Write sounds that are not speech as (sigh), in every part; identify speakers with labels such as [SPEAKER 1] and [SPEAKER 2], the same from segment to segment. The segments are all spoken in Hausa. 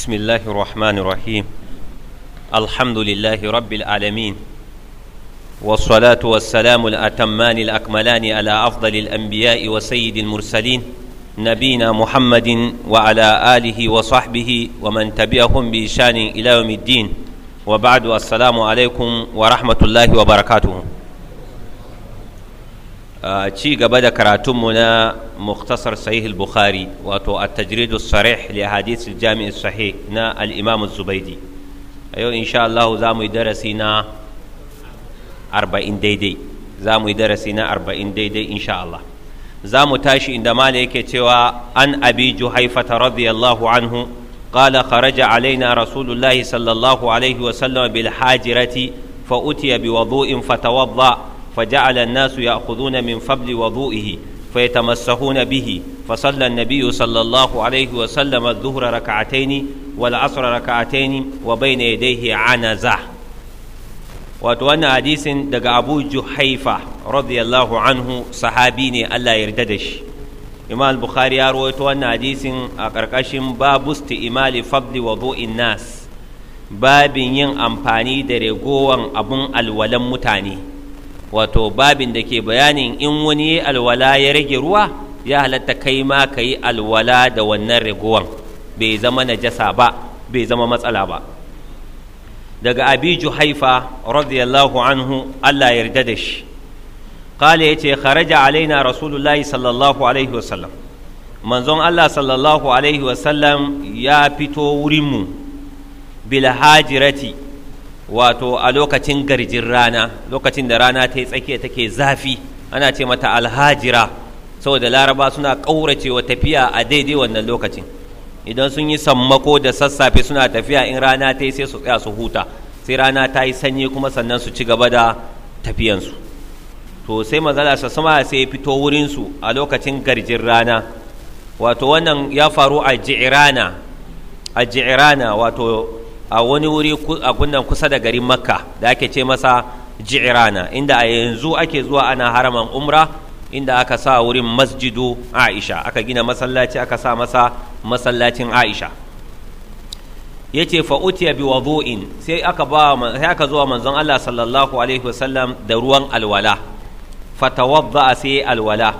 [SPEAKER 1] بسم الله الرحمن الرحيم الحمد لله رب العالمين والصلاة والسلام الأتمان الأكملان على أفضل الأنبياء وسيد المرسلين نبينا محمد وعلى آله وصحبه ومن تبعهم بإشان إلى يوم الدين وبعد السلام عليكم ورحمة الله وبركاته ci gaba da karatunmu na muktasar sahih al-bukhari wato at-tajrid as-sarih li hadith al-jami' sahih na al-imam az-zubaydi yau insha Allah za mu yi darasi na 40 daidai za mu yi darasi na 40 daidai insha Allah za mu tashi inda mala yake cewa an abi juhaifata radiyallahu anhu قال خرج علينا رسول الله صلى الله عليه وسلم بالحاجرة فأتي بوضوء فتوضأ فجعل الناس يأخذون من فضل وضوئه فيتمسحون به فصلى النبي صلى الله عليه وسلم الظهر ركعتين والعصر ركعتين وبين يديه عنزة وتوانا حديث دقى أبو جحيفة رضي الله عنه صحابيني ألا يرددش إمام البخاري يروي توانا حديث أقرقش باب استئمال فضل وضوء الناس babin yin amfani da regowan abun alwalan mutane wato babin da ke bayanin in wani alwala ya rage ruwa ya halatta kai ma ka yi alwala da wannan ragowan bai zama najasa ba bai zama matsala ba daga abiju haifa radiyallahu anhu allah yarda da shi kala ya ce kharaja alaina rasulullahi sallallahu alaihi wasallam manzon allah sallallahu alaihi wasallam ya fito wurinmu bil hajirati wato a lokacin garjin rana lokacin da rana ta yi tsakiya take zafi ana ce mata alhajira saboda laraba suna ƙauracewa tafiya a daidai wannan lokacin idan sun yi sammako da sassafe suna tafiya in rana ta yi sai su tsaya su huta sai rana ta yi sanyi kuma sannan su ci gaba da tafiyansu to sai mazala sa sama sai fito wurinsu a lokacin garjin rana wato wannan ya faru a ji'irana a ji'irana wato a wani wuri a gundan kusa da garin makka da ake ce masa ji'irana inda a yanzu ake zuwa ana haraman umra inda aka sa wurin masjidu aisha aka gina masallaci aka sa masa masallacin aisha ya ce fa'utiya bi wadu'in sai aka ba sai aka zuwa manzon Allah sallallahu alaihi wasallam da ruwan alwala fatawadda sai alwala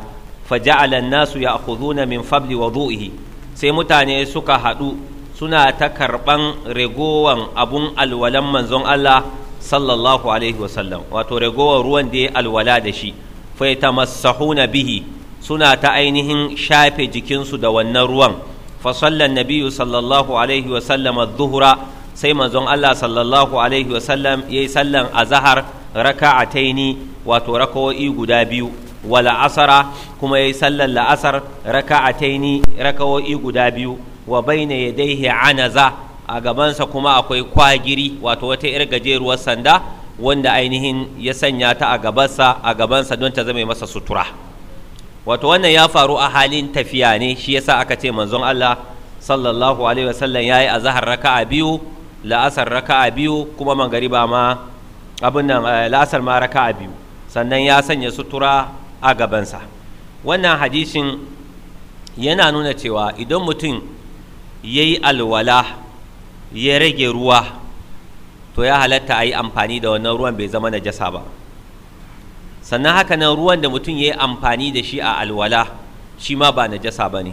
[SPEAKER 1] faja'ala an-nasu ya'khuduna min fadli wadu'ihi sai mutane suka hadu suna ta karɓan regowan abun alwalan manzon Allah sallallahu alaihi wasallam wato ragowar ruwan da ya alwala da shi fai ta masahuna bihi suna ta ainihin shafe jikinsu da wannan ruwan fasallan nabiyu sallallahu alaihi wasallam zuhura sai manzon Allah sallallahu alaihi wasallam ya yi sallan azahar taini wato rakawoi guda biyu wala asara kuma ya yi sallan la'asar raka a taini rakawoi guda biyu wa bayna yadayhi anaza a gabansa kuma akwai kwagiri wato wata yar gajeruwar sanda wanda ainihin ya sanya ta a gabansa a gabansa don ta zama masa sutura wato wannan ya faru a halin tafiya ne shi yasa aka ce manzon Allah sallallahu alaihi wasallam yayi azhar raka'a biyu la'asar raka'a biyu kuma mangariba ma abin nan eh, la'asar ma raka'a biyu sannan ya sanya sutura a gabansa wannan hadisin yana nuna cewa idan mutum ya yi alwala ya rage ruwa to ya halatta a yi amfani da wannan ruwan bai zama najasa ba sannan haka nan ruwan da mutum ya yi amfani da shi a alwala shi ma ba najasa ba ne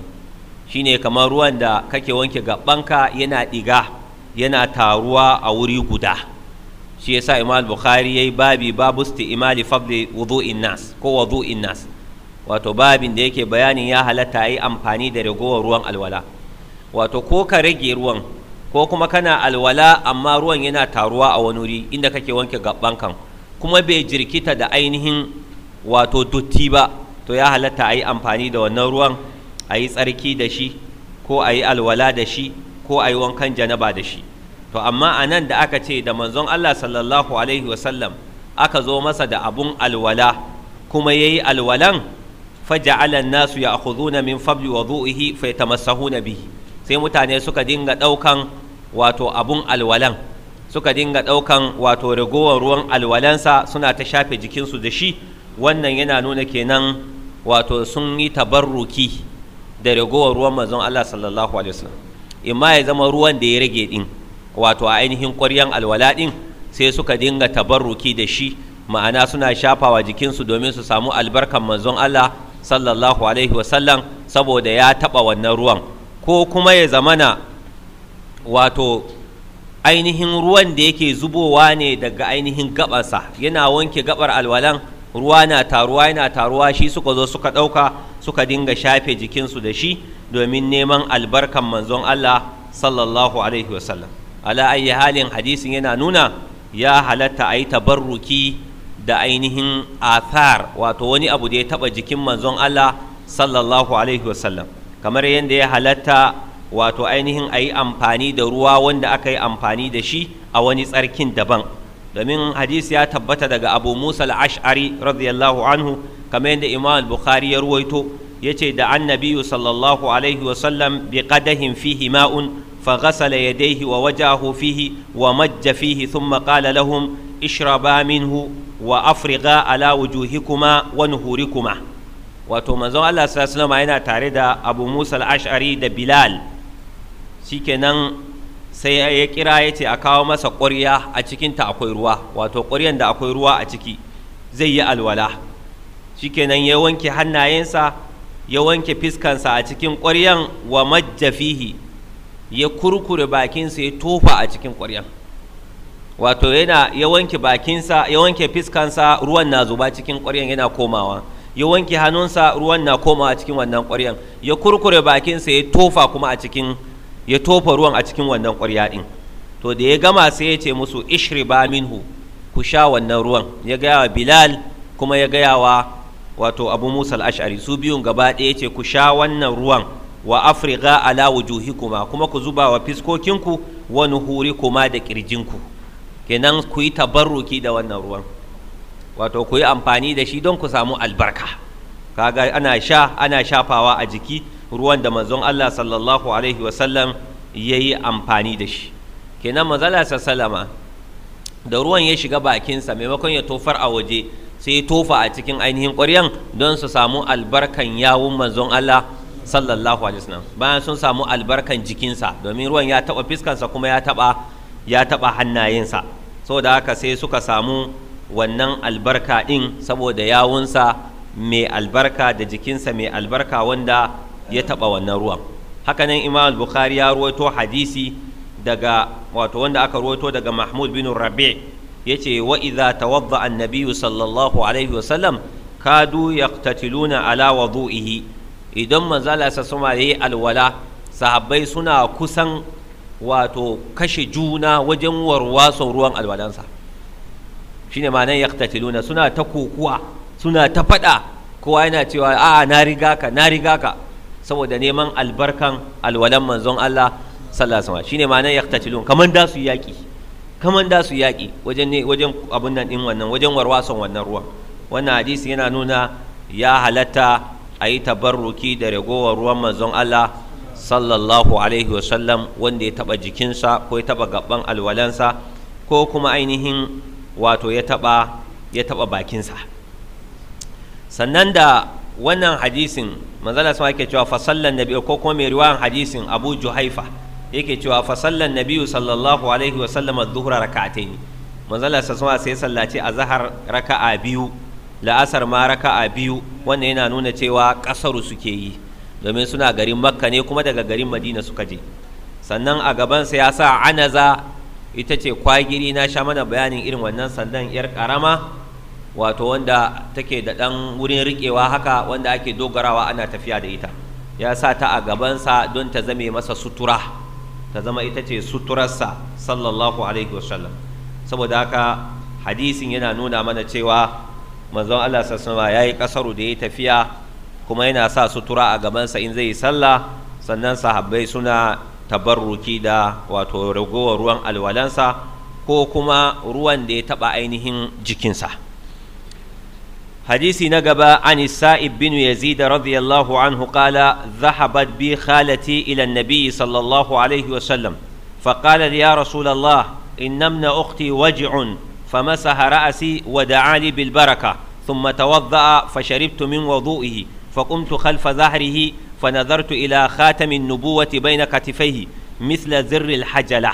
[SPEAKER 1] shi ne kamar ruwan da kake wanke gabanka yana ɗiga yana taruwa a wuri guda shi ya sa imal bukhari ya yi babi babu imali fadli wudu nas ko wudu'in nas wato babin da yake bayanin ya halatta a yi amfani da ragowar ruwan alwala wato ko ka rage ruwan ko kuma kana alwala amma ruwan yana taruwa a wani wuri inda kake wanke gaban kan kuma bai jirkita da ainihin wato dotti ba to ya halatta a yi amfani da wannan ruwan a yi tsarki da shi ko a yi alwala da shi ko a yi wankan janaba da shi to amma a nan da aka ce da manzon Allah sallallahu alaihi wasallam aka zo masa da abun alwala kuma ya yi alwalan faja'alan nasu ya min fabli wa zu'ihi fa na bihi sai mutane suka dinga ɗaukan wato abun alwalan suka dinga ɗaukan wato ragowar ruwan alwalansa suna ta shafe jikinsu da shi wannan yana nuna kenan wato sun yi tabarruki da ragowar ruwan manzon Allah sallallahu alaihi wasallam imma ya zama ruwan da ya rage ɗin, wato a ainihin ƙwaryan alwala din sai suka dinga tabarruki da shi ma'ana suna shafawa jikinsu domin su samu albarkar manzon Allah sallallahu alaihi wasallam saboda ya taɓa wannan ruwan ko kuma ya zamana wato ainihin ruwan da yake zubowa ne daga ainihin gabarsa yana wanke gabar alwalan ruwa na taruwa yana taruwa shi suka zo suka ɗauka suka dinga shafe jikinsu da shi domin neman albarkan manzon Allah sallallahu alaihi wasallam ala ayi halin hadisin yana nuna ya halatta a yi tabarruki da ainihin athar wato wani abu da ya taɓa jikin manzon Allah sallallahu alaihi wasallam kamar yadda ya halatta wato ainihin a yi amfani da ruwa wanda aka yi amfani da shi a wani tsarkin daban domin hadisi ya tabbata daga abu musa ash'ari radiyallahu anhu kamar yadda imam al-bukhari ya ruwaito ya ce da annabiyu sallallahu alaihi wasallam bi qadahin fihi ma'un fa ghasala yadayhi wa wajahu fihi wa majja fihi thumma qala lahum ishraba minhu wa afrigha ala wujuhikuma wa nuhurikuma wato manzon Allah sallallahu alaihi yana tare da Abu Musa al-Ash'ari da Bilal shikenan sai ya kira ya ce a kawo masa ƙurya a cikinta akwai ruwa wato ƙuryan da akwai ruwa a ciki zai yi alwala shikenan ya wanke hannayensa ya wanke fiskansa a cikin ƙuryan wa majjafihi ya kurkure bakinsa ya tofa a cikin ƙuryan wato yana ya wanke bakinsa ya wanke fiskansa ruwan na zuba cikin ƙuryan yana komawa ya wanke hannunsa ruwan na koma a cikin wannan ƙwaryan ya kurkure bakinsa ya tofa kuma a cikin ya tofa ruwan a cikin wannan ƙwarya ɗin to da ya gama sai ya ce musu ba minhu ku sha wannan ruwan ya gaya wa bilal kuma ya gaya wa wato abu musa al'ashari su biyun gaba ɗaya ce ku sha wannan ruwan wa afirka ala wujuhi kuma ku zuba wa fiskokinku wa kuma da ku kenan ku yi tabarruki da wannan ruwan wato ku yi amfani da shi don ku samu albarka kaga ana sha ana shafawa a jiki ruwan da manzon Allah sallallahu alaihi wasallam ya yi amfani da shi kenan manzala sallama da ruwan ya shiga bakinsa maimakon ya tofar a waje sai ya tofa a cikin ainihin ƙwaryan don su samu albarkan yawun manzon Allah sallallahu alaihi wasallam bayan sun samu albarkan jikinsa domin ruwan ya taɓa fiskansa kuma ya taɓa ya taɓa hannayensa saboda haka sai suka samu wannan albarka ɗin saboda yawunsa mai albarka da jikinsa mai albarka wanda ya taɓa wannan ruwan hakanan imam al-bukhari ya ruwaito hadisi daga wato wanda aka ruwaito daga mahmud bin rabi ya ce wa idza tawadda annabiyu sallallahu alaihi wasallam kadu yaqtatiluna ala wudu'ihi idan manzala sa suma yayi alwala sahabbai suna kusan wato kashe juna wajen warwason ruwan alwalansa shine ma nan yaqtatiluna suna ta kokuwa suna ta fada kowa yana cewa a na riga ka na riga ka saboda neman albarkan alwalan manzon Allah sallallahu alaihi wasallam shine ma nan yaqtatilun kaman da su yaki kaman da su yaki wajen ne wajen abun nan din wannan wajen warwason wannan ruwan. wannan hadisi yana nuna ya halatta a yi tabarruki da ragowar ruwan manzon Allah sallallahu alaihi wasallam wanda ya taba jikinsa ko ya taba gaban alwalansa ko kuma ainihin wato ya taɓa ya bakinsa sannan da wannan hadisin manzala sama yake cewa fasallan nabi ko kuma mai riwayan hadisin abu juhaifa yake cewa fasallan nabi sallallahu alaihi wa sallam adh-dhuhra rak'atayn manzala sama sai sallaci azhar raka'a biyu la'asar ma raka'a biyu wannan yana nuna cewa kasaru suke yi domin suna garin makka ne kuma daga garin madina suka je sannan a gaban sa ya sa anaza ita ce kwagiri na sha mana bayanin irin wannan sandan yar karama wato wanda take da ɗan wurin riƙewa haka wanda ake dogarawa ana tafiya da ita ya sa ta a gabansa don ta zame masa sutura ta zama ita ce suturarsa sallallahu alaihi wasallam saboda haka hadisin yana nuna mana cewa manzon Allah sassama ya yi ƙasaru da ya tafiya kuma yana sa sutura a gabansa in zai yi sallah sannan sahabbai suna tabarruki da wato ragowar ruwan alwalansa ko kuma ruwan da ya taɓa ainihin jikinsa hadisi na gaba an sa'ib bin yazid radiyallahu anhu qala zahabat bi khalati ila nabi sallallahu alaihi wa sallam فقال يا رسول الله إن ابن أختي وجع wa رأسي bilbaraka لي بالبركة ثم توضأ فشربت من وضوئه فقمت خلف ظهره فنظرت إلى خاتم النبوة بين كتفيه مثل زر الحجلة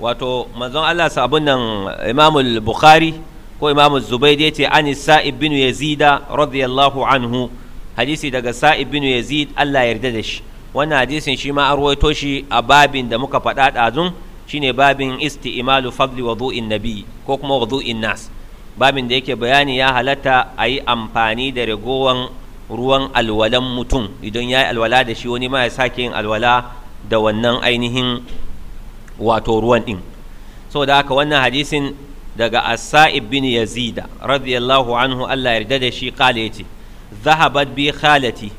[SPEAKER 1] wato manzon Allah sabon nan Imam Bukhari ko Imam Zubayd yace an Sa'ib bin Yazid radiyallahu anhu hadisi daga Sa'ib bin Yazid Allah yarda da shi wannan hadisin shi ma an ruwaito shi a babin da muka faɗa ɗazun shine babin isti'malu fadli wudu'in nabi ko kuma wudu'in nas babin da yake ya amfani da ragowan ruwan alwalan mutum idan ya yi alwala da shi wani ma ya sake yin alwala da wannan ainihin wato ruwan ɗin saboda haka wannan hadisin daga asa'ib bin yazida radiyallahu anhu Allah yarda da shi kale yace zahabat bi khalati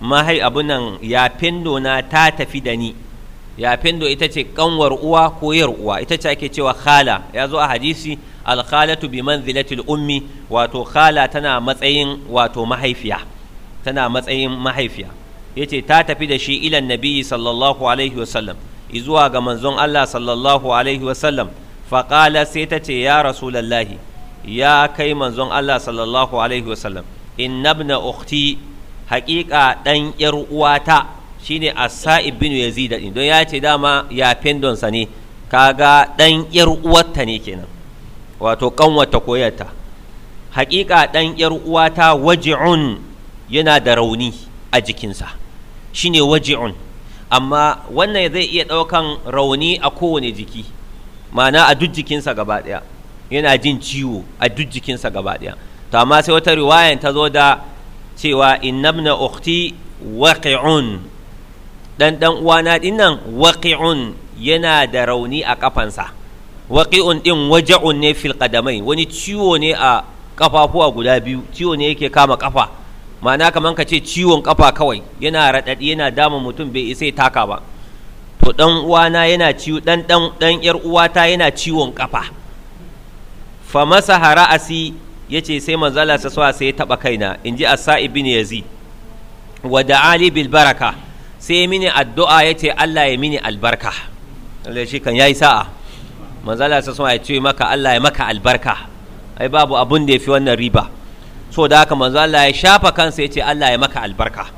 [SPEAKER 1] mahai abunan ya findo na ta tafi da ni ya findo ita ce kanwar uwa ko yar uwa ita ce ake cewa khala ya zo a hadisi alkhalatu bi manzilatil ummi wato khala tana matsayin wato mahaifiya tana matsayin mahaifiya yace ta tafi da shi ilan nabiyyi sallallahu alaihi wasallam zuwa ga manzon Allah sallallahu alaihi wasallam faƙala sai ta ce ya rasulallahi ya kai manzon Allah sallallahu alaihi wasallam inna ibn ukhti haƙiƙa ɗan ƴar uwata shine a saib bin yazid din don ya ce dama ya fendonsa ne kaga ɗan ƴar uwarta ne kenan wato ƙanwata koyarta haƙiƙa ɗan yar uwata waji'un yana da rauni a jikinsa shine waji'un amma wannan zai iya ɗaukan rauni a kowane jiki ma'ana a duk jikinsa gabaɗaya yana jin ciwo a duk jikinsa gabaɗaya to amma sai wata riwayan ta zo da cewa innabna ukhti waqi'un dan dan uwana dinnan waqi'un yana da rauni a kafansa waqi'un din waja'un ne fil qadamai wani ciwo ne a kafafuwa guda biyu ciwo ne yake kama kafa ma'ana kamar ka ce ciwon kafa kawai yana raɗaɗi yana dama mutum bai isa taka ba to ɗan uwana yana ciwo dan ɗan dan yar uwata yana ciwon kafa fa masaha ya ce sai manzo Allah sa sai ya taɓa kaina in ji Asa ibn Yazid wa da'ali bil baraka sai mini addu'a ya ce Allah ya mini albarka Allah shi kan yayi sa'a manzo Allah sa ya ce maka Allah ya maka albarka ai babu abun da fi wannan riba so da haka manzo Allah ya shafa kansa ya ce Allah ya maka albarka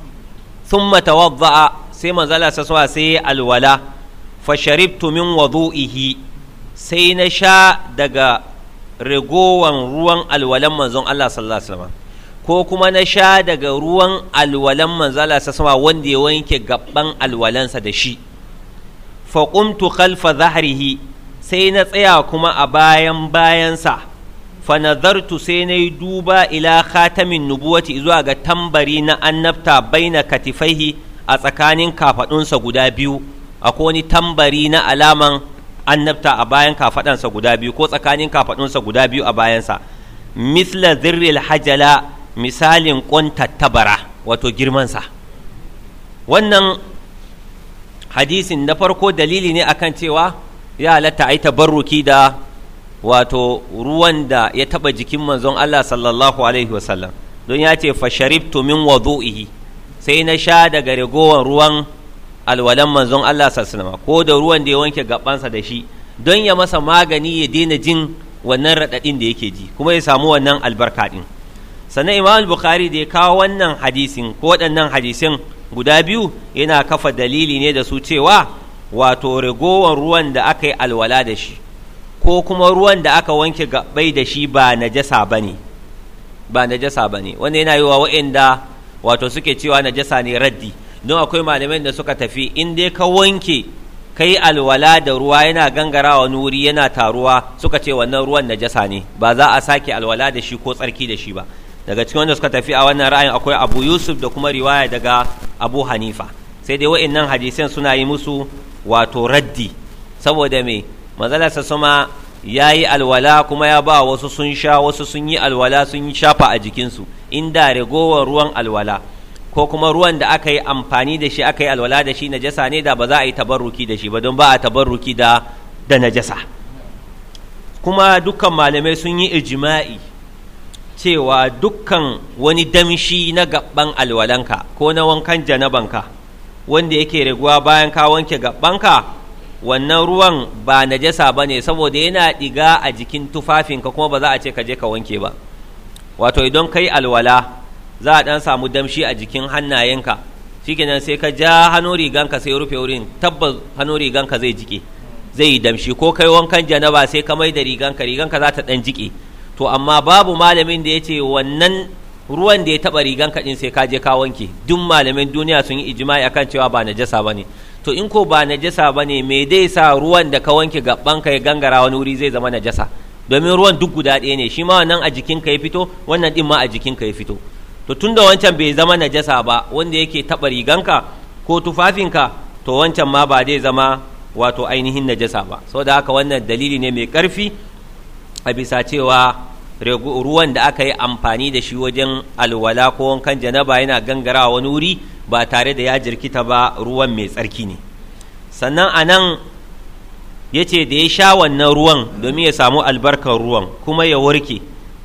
[SPEAKER 1] thumma tawadda'a sai manzo Allah sa sai alwala fa sharibtu min wudu'ihi sai na sha daga ragowan ruwan alwalan manzon Allah sallallahu alaihi wasallam ko kuma na sha daga ruwan alwalan manzo Allah sa wanda ya wanke gaban alwalansa da shi fa qumtu khalfa zahrihi sai na tsaya kuma a bayan bayansa fanazartu sai na yi duba ila khatamin nubuwati zuwa ga tambari na annabta baina katifaihi a tsakanin kafaɗunsa guda biyu akwai wani tambari na alaman annabta a bayan kafaɗansa guda biyu ko tsakanin kafaɗunsa guda biyu a bayansa misla zirril hajala misalin tabara wato girmansa wannan hadisin na farko dalili ne akan cewa ya halatta a yi tabarruki da wato ruwan da ya taɓa jikin manzon Allah sallallahu alaihi wasallam don ya ce fasharibtu min wadu'ihi sai na sha daga ragowar ruwan alwalan manzon Allah sallallahu ko da ruwan da ya wanke gabansa da shi don ya masa magani ya daina jin wannan raɗaɗin da yake ji kuma ya samu wannan albarka din sannan imam bukhari da ya kawo wannan hadisin ko waɗannan hadisin guda biyu yana kafa dalili ne da su cewa wato ragowar ruwan da aka yi alwala da shi ko kuma ruwan da aka wanke gabai da shi ba najasa bane ba najasa bane wanda yana yi wa wa'inda wato suke cewa najasa ne raddi don akwai malamai da suka tafi in dai ka wanke kai alwala da ruwa yana gangarawa wa wuri yana taruwa suka ce wannan ruwan najasa ne ba za a sake alwala da shi ko tsarki da shi ba daga cikin wanda suka tafi a wannan ra'ayin akwai abu yusuf da kuma riwaya daga abu hanifa sai dai nan hadisan suna yi musu wato raddi saboda me manzala suma ya yi alwala kuma ya ba wasu sun sha wasu sun yi alwala sun yi shafa a jikinsu in da ragowar ruwan alwala ko kuma ruwan da aka yi amfani da shi aka yi alwala da shi najasa ne da ba za a yi tabarruki da shi ba don ba a tabarruki da da najasa kuma dukkan malamai sun yi ijima'i cewa dukkan wani damshi na gaban alwalanka ko na wankan janabanka wanda yake raguwa bayan ka wanke gabanka wannan ruwan ba najasa ba ne saboda yana ɗiga a jikin tufafinka kuma ba za a ce ka je ka wanke ba wato idan kai alwala za a ɗan samu damshi a jikin hannayenka shikenan sai ka ja hannun riganka sai rufe wurin tabbas hannun riganka zai jike zai yi damshi ko kai wankan janaba sai ka mai da riganka riganka za ta ɗan jike to amma babu malamin da ya ce wannan ruwan da ya taɓa riganka ɗin sai ka je ka wanke duk malamin duniya sun yi ijimai akan cewa ba najasa ba ne to in ko ba najasa ba ne me dai sa ruwan da ka wanke gabanka ya gangara wani wuri zai zama najasa domin ruwan duk guda ɗaya ne shi ma wannan a jikinka ya fito wannan ɗin ma a jikinka ya fito to tunda wancan bai zama najasa ba wanda yake taɓa riganka ko tufafinka to wancan ma ba zai zama wato ainihin najasa ba saboda haka wannan dalili ne mai ƙarfi a bisa cewa ruwan da aka yi amfani da shi wajen alwala ko wankan janaba yana gangarawa wani wuri ba tare da ya jirkita ba ruwan mai tsarki ne sannan a nan ya ce da ya sha wannan ruwan domin ya samu albarkar ruwan kuma ya warke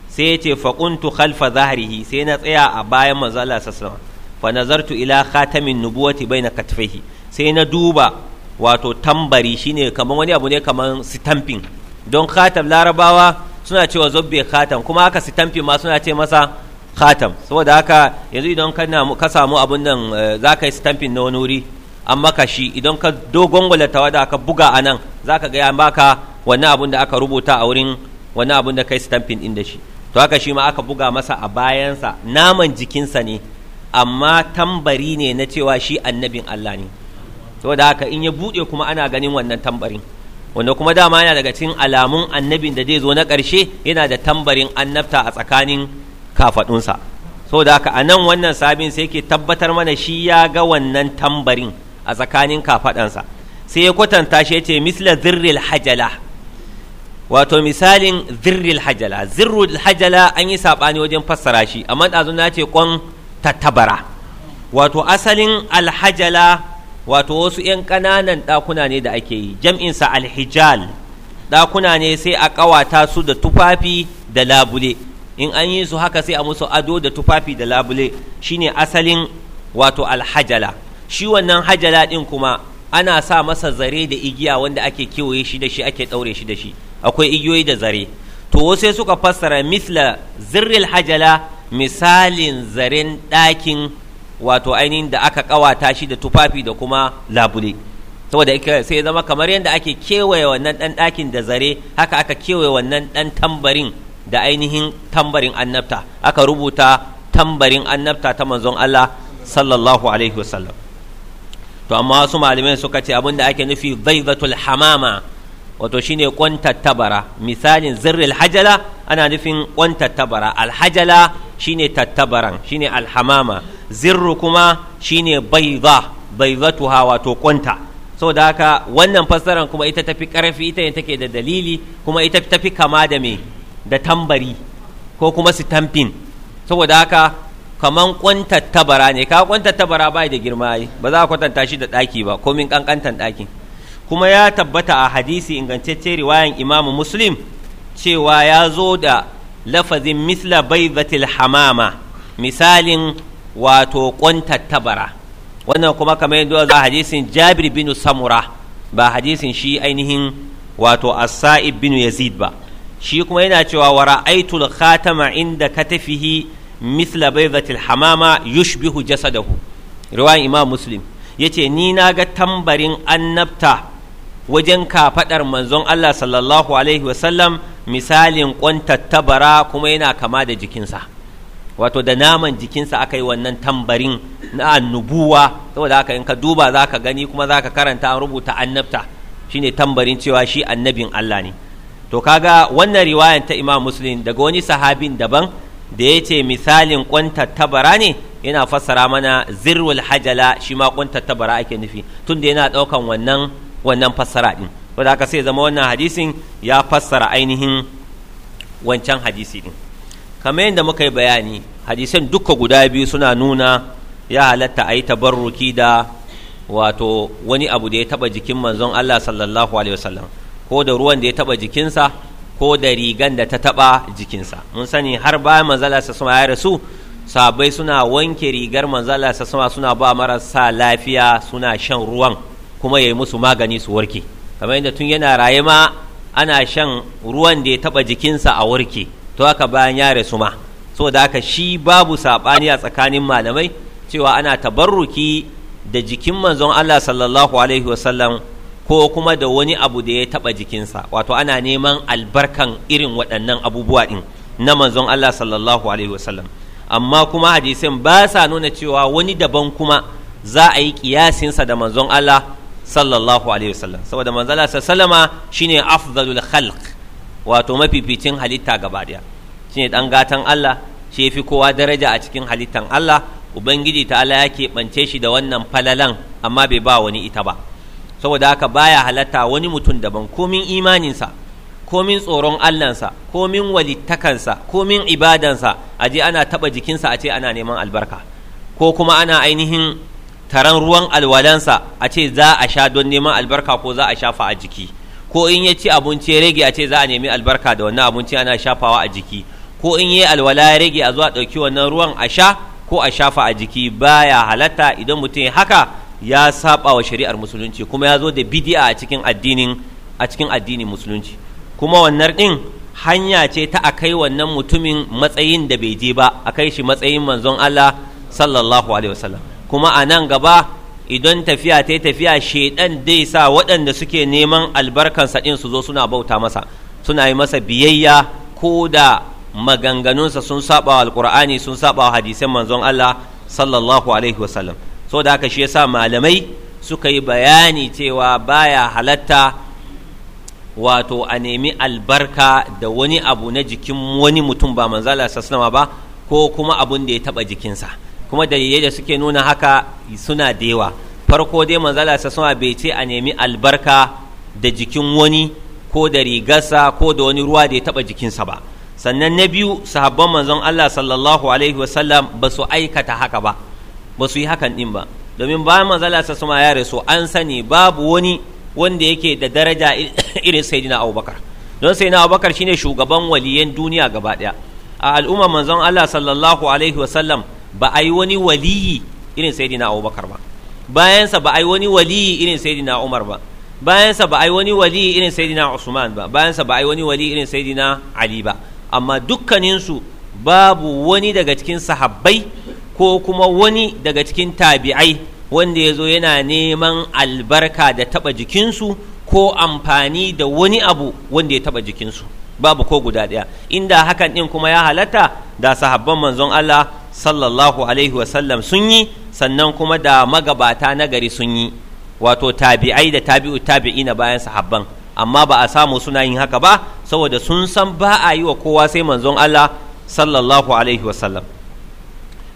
[SPEAKER 1] sai ya ce faƙuntu khalfa zahrihi sai na tsaya a bayan mazala sassama fa nazartu ila khatamin nubuwati baina katfaihi sai na duba wato tambari shine kamar wani abu ne kamar sitamfin don khatam larabawa suna cewa zobbe khatam kuma haka sitamfin ma suna ce masa khatam saboda haka yanzu idan ka samu abun nan eh, za ka yi stampin na wani wuri an maka shi idan ka dogon gwalatawa da aka buga a nan za ka gaya ka wani abun da aka rubuta a wurin wani abun da ka yi stampin din da shi to haka shi ma aka buga masa a bayansa naman jikinsa ne amma tambari ne na cewa shi annabin Allah ne saboda haka in ya buɗe kuma ana ganin wannan tambarin wanda kuma dama yana daga cikin alamun annabin da zai zo na ƙarshe yana da tambarin annabta a tsakanin kafaɗunsa saboda haka a nan wannan sabin sai ke tabbatar mana shi ya ga wannan tambarin a tsakanin kafaɗansa sai ya kwatanta shi ce misla zirril hajala wato misalin zirril hajala zirril hajala an yi saɓani wajen fassara shi amma ɗazu na ce ƙwan tattabara wato asalin alhajala wato wasu 'yan ƙananan ɗakuna ne da ake yi jam'insa alhijal ɗakuna ne sai a ƙawata su da tufafi da labule in an yi su haka sai a musu ado da tufafi da labule shine asalin wato alhajala shi wannan hajala din kuma ana sa masa zare da igiya wanda ake kewaye shi da shi ake ɗaure shi da shi akwai igiyoyi da zare to sai suka fassara misla zirril hajala misalin zaren ɗakin wato ainihin da aka ƙawata shi da tufafi da kuma labule saboda sai zama kamar yadda ake kewaye wannan ɗan ɗakin da zare haka aka kewaye wannan ɗan tambarin da ainihin tambarin annabta aka rubuta tambarin annabta ta manzon Allah sallallahu alaihi wasallam to amma wasu malamai suka ce abin da ake nufi zaizatul hamama wato shine kwantar tabara misalin zirril hajala ana nufin kwantar tabara alhajala shine tattabaran shine alhamama zirru kuma shine baiza baizatuha wato kwanta saboda haka wannan fassarar kuma ita tafi karfi ita ne take da dalili kuma ita tafi kama da mai. da tambari ko kuma sitamfin saboda haka kaman kwantattabara ne ka ba bai da girma yi ba za a kwatanta shi da ɗaki ba komin ƙanƙantan ɗakin kuma ya tabbata a hadisi ingantacce riwayan imamu muslim cewa ya zo da lafazin misla baizatil hamama misalin wato kwantattabara wannan kuma kamar yadda za hadisin jabir bin samura ba hadisin shi ainihin wato as-sa'ib bin yazid ba shi kuma yana cewa wa ra'aitul khatama inda katafihi mithla baydatil hamama yushbihu jasadahu riwayan imam muslim yace ni na ga tambarin annabta wajen kafaɗar manzon Allah sallallahu alaihi wasallam misalin kwantattabara kuma yana kama da jikinsa wato da naman jikinsa aka yi wannan tambarin na annubuwa saboda haka in ka duba za ka gani kuma za ka karanta an rubuta annabta shine tambarin cewa shi annabin Allah ne to kaga wannan riwayan ta imam muslim daga wani sahabin daban da ya ce misalin kwanta tabara ne yana fassara mana zirwul hajala shi ma kwanta tabara ake nufi tunda yana daukan wannan wannan fassara din wanda aka sai zama wannan hadisin ya fassara ainihin wancan hadisi din kamar yadda muka yi bayani hadisan duka guda biyu suna nuna ya halatta a yi tabarruki da wato wani abu da ya taba jikin manzon Allah sallallahu alaihi wasallam ko da ruwan da ya taba jikinsa ko da rigan da ta taba jikinsa mun sani har bayan manzala sa sama ya rasu sabai suna wanke rigar manzala sa sama suna ba marasa lafiya suna shan ruwan kuma ya yi musu magani su warke kamar yadda tun yana raye ma ana shan ruwan da ya taba jikinsa a warke to haka bayan ya rasu ma so da haka shi babu sabani a tsakanin malamai cewa ana tabarruki da jikin manzon Allah sallallahu alaihi wasallam ko kuma da wani abu da ya taɓa jikinsa wato ana neman albarkan irin waɗannan abubuwa ɗin na manzon Allah sallallahu alaihi wasallam amma kuma hadisin ba sa nuna cewa wani daban kuma za a yi kiyasinsa da manzon Allah sallallahu alaihi wasallam saboda manzon Allah sallama shine afdalul khalq wato mafificin halitta gaba daya shine dan gatan Allah shi fi kowa daraja a cikin halittan Allah ubangiji ta Allah ya keɓance shi da wannan falalan amma bai ba wani ita ba saboda haka baya halatta wani mutum daban komin imaninsa komin tsoron allansa komin walittakansa komin ibadansa a je ana taba jikinsa a ce ana neman albarka ko kuma ana ainihin taron ruwan alwalansa a ce za a sha don neman albarka ko za a shafa a jiki ko in ya ci abinci ya rage a ce za a nemi albarka da wannan abinci ana shafawa a jiki ko in yi alwala ya rage a zuwa ɗauki wannan ruwan a sha ko a shafa a jiki baya halatta idan mutum haka ya saba wa shari'ar musulunci kuma ya zo da bidi'a a cikin addinin a cikin addinin musulunci kuma wannan din hanya ce ta akai wannan mutumin matsayin da bai je ba akai shi matsayin manzon Allah sallallahu alaihi wasallam kuma a nan gaba idan tafiya ta tafiya shedan dai sa waɗanda suke neman albarkansa din su zo suna bauta masa suna yi masa biyayya ko da maganganunsa sun saba wa alqur'ani sun saba wa hadisan manzon Allah sallallahu alaihi wasallam da haka shi yasa malamai suka yi bayani cewa baya halatta wato a nemi albarka da wani abu na jikin wani mutum ba manzala sassanawa ba ko kuma abun da ya taba jikinsa kuma dalilai da suke nuna haka suna da yawa farko dai manzala sassanawa bai ce a nemi albarka da jikin wani ko da rigarsa ko da wani ruwa da ya taba jikinsa ba sannan na biyu sahabban manzon Allah sallallahu alaihi wasallam ba su aikata haka ba ba su yi hakan ɗin ba domin bayan manzala sa sama ya rasu an sani babu wani wanda yake da daraja (coughs) irin sayyidina abubakar don sayyidina abubakar shine shugaban waliyan duniya gaba daya a al'umma manzon Allah sallallahu alaihi wasallam ba a yi wani waliyi irin sayyidina abubakar ba bayansa ba a yi wani waliyi irin sayyidina umar ba bayansa ba a yi wani waliyi irin sayyidina usman ba bayansa ba a yi wani waliyi irin sayyidina ali ba amma dukkaninsu babu wani daga cikin sahabbai ko kuma wani daga cikin tabi'ai wanda ya zo yana neman albarka da taɓa jikinsu ko amfani da wani abu wanda ya taɓa jikinsu babu ko guda ɗaya inda hakan ɗin kuma ya halatta da sahabban manzon Allah sallallahu alaihi wasallam sun yi sannan kuma da magabata na gari sun yi wato tabi'ai da tabi'u tabi'ina bayan sahabban amma ba a samu suna yin haka ba saboda sun san ba a yi wa kowa sai manzon Allah sallallahu alaihi wasallam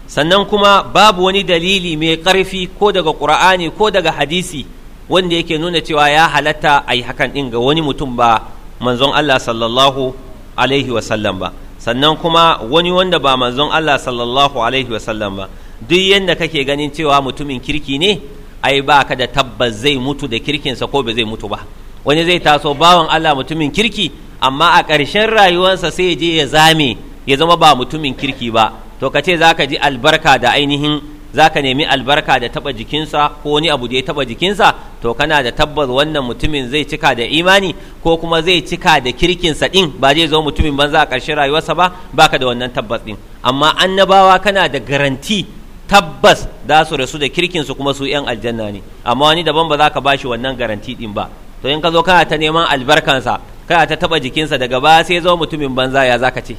[SPEAKER 1] sannan kuma babu wani dalili mai ƙarfi ko daga ƙur'ani ko daga hadisi wanda yake nuna cewa ya halatta a yi hakan ɗin ga wani mutum ba manzon Allah sallallahu alaihi wasallam ba sannan kuma wani wanda ba manzon Allah sallallahu alaihi wasallam ba duk yadda kake ganin cewa mutumin kirki ne ai ba ka da tabbas zai mutu da kirkinsa ko ba zai mutu ba wani zai taso bawan Allah mutumin kirki amma a ƙarshen rayuwarsa sai ya je ya zame ya zama ba mutumin kirki ba to ka ce za ka ji albarka da ainihin za ka nemi albarka da taba jikinsa ko wani abu da ya taba jikinsa to kana da tabbas wannan mutumin zai cika da imani ko kuma zai cika da kirkinsa din ba zai zo mutumin banza a ƙarshen rayuwarsa ba baka da wannan tabbas din amma annabawa kana da garanti tabbas za su rasu da kirkinsu kuma su 'yan aljanna ne amma wani daban ba za ka bashi wannan garanti din ba to in ka zo kana ta neman albarkansa kana ta taba jikinsa daga ba sai zo mutumin banza ya ka ce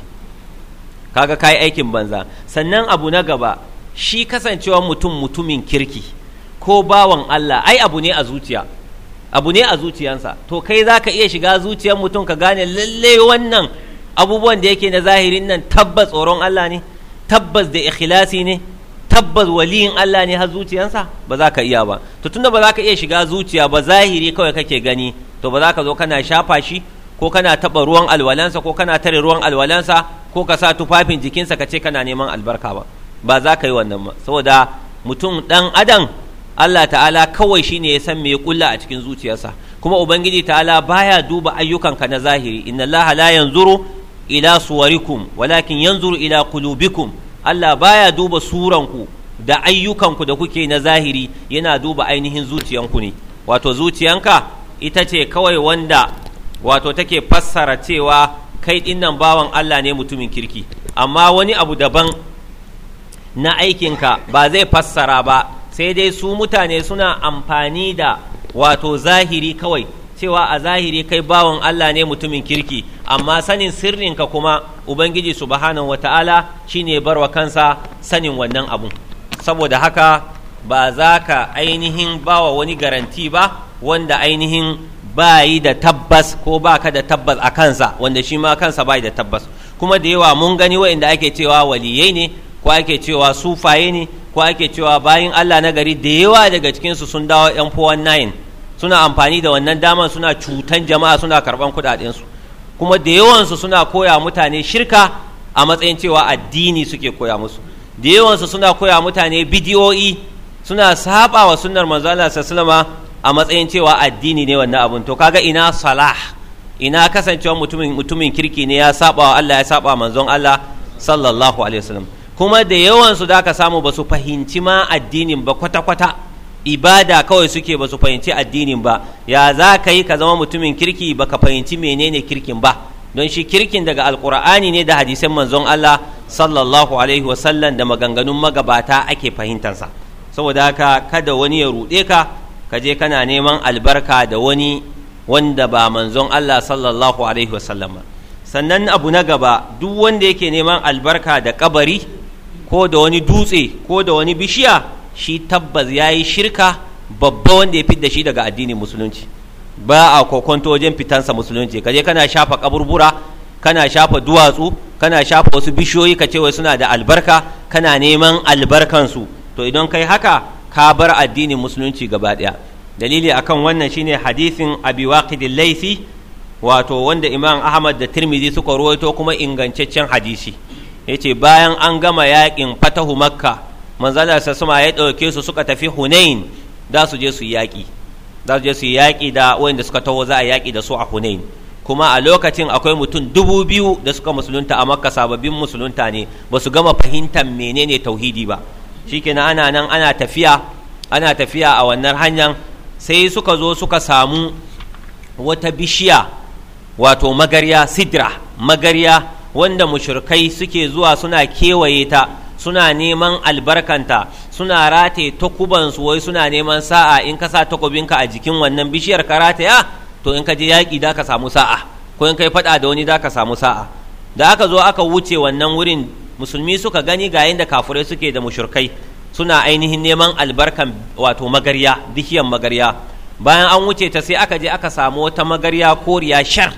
[SPEAKER 1] kaga kai aikin banza sannan abu na gaba shi kasancewa mutum mutumin kirki ko bawan Allah ai abu ne a zuciya abu ne a zuciyansa to kai zaka iya shiga zuciyar mutum ka gane lalle wannan abubuwan da yake na zahirin nan tabbas tsoron Allah ne tabbas da ikhlasi ne tabbas waliyin Allah ne har zuciyansa ba za ka iya ba to tunda ba za ka iya shiga zuciya ba zahiri kawai kake gani to ba za ka zo kana shafa shi ko kana taɓa ruwan alwalansa ko kana tare ruwan alwalansa ko ka sa tufafin jikinsa ka ce kana neman albarka ba ba za ka yi wannan ba saboda mutum ɗan adam Allah ta'ala kawai shi ne ya san me ya kulla a cikin zuciyarsa kuma ubangiji ta'ala baya duba ayyukanka na zahiri inna Allah la yanzuru ila suwarikum walakin yanzuru ila qulubikum Allah baya duba suran ku da ayyukanku da kuke na zahiri yana duba ainihin zuciyanku ne wato zuciyanka ita ce kawai wanda wato take fassara cewa kai dinnan bawan Allah ne mutumin kirki amma wani abu daban na aikinka ba zai fassara ba sai dai su mutane suna amfani da wato zahiri kawai cewa a zahiri kai bawan Allah ne mutumin kirki amma sanin sirrin ka kuma ubangiji subhanahu wata'ala shine barwa kansa sanin wannan abun saboda haka ba za ka ainihin bawa wani garanti ba wanda ainihin ba yi da tabbas ko ba ka da tabbas a kansa wanda shi ma kansa ba yi da tabbas kuma da yawa mun gani wa'inda ake cewa waliyai ne ko ake cewa sufaye ne ko ake cewa bayan Allah na gari da yawa daga cikinsu sun dawo yan fowan nayin suna amfani da wannan daman suna cutan jama'a suna karban kuɗaɗensu kuma da yawansu suna koya mutane shirka a matsayin cewa addini suke koya musu da yawansu suna koya mutane bidiyoyi suna saba wa sunnar manzo Allah sallama a matsayin cewa addini ne wannan abun to kaga ina salah ina kasancewa mutumin mutumin kirki ne ya saba wa Allah ya saba manzon Allah sallallahu alaihi wasallam kuma da yawan su da samu ba su fahimci ma addinin ba kwata kwata ibada kawai suke ba su fahimci addinin ba ya za ka yi ka zama mutumin kirki ba ka fahimci menene kirkin ba don shi kirkin daga alkur'ani ne da hadisan manzon Allah sallallahu alaihi wasallam da maganganun magabata ake fahimtansa saboda haka kada wani ya ruɗe ka ka je kana neman albarka da wani wanda ba manzon Allah sallallahu alaihi wasallam sannan abu na gaba duk wanda yake neman albarka da kabari ko da wani dutse ko da wani bishiya shi tabbas ya yi shirka babba wanda ya da shi daga addinin musulunci ba a kokonto wajen fitansa musulunci kaje kana shafa kaburbura kana shafa duwatsu kana shafa wasu bishiyoyi ka ce wai suna da albarka kana neman albarkansu to idan kai haka ka bar addinin musulunci gaba daya dalili akan wannan shine hadisin abi waqid laifi wato wanda imam ahmad da tirmidhi suka ruwaito kuma ingantaccen hadisi yace bayan an gama yakin fatahu makka manzala suma ya dauke su suka tafi hunain da su je su yaki yaƙi su je da suka taho za a yaki da su a hunain kuma a lokacin akwai mutum dubu biyu da suka musulunta a makka sababbin musulunta ne ba su gama fahimtar menene tauhidi ba shikenan ana nan ana tafiya ana tafiya a wannan hanyar sai suka zo suka samu wata bishiya wato magarya sidra magarya wanda mushrikai suke zuwa suna kewaye ta suna neman albarkanta suna rataye takubansu wai suna neman sa'a in ka sa takubinka a jikin wannan bishiyar ka rataya to in ka je yaƙi da ka samu sa'a ko in kai faɗa da wani da ka samu sa'a da aka zo aka wuce wannan wurin musulmi suka gani ga yadda kafurai suke da mushurkai suna ainihin neman albarkan wato magarya bishiyan magarya bayan an wuce ta sai aka je aka samu wata magarya koriya shar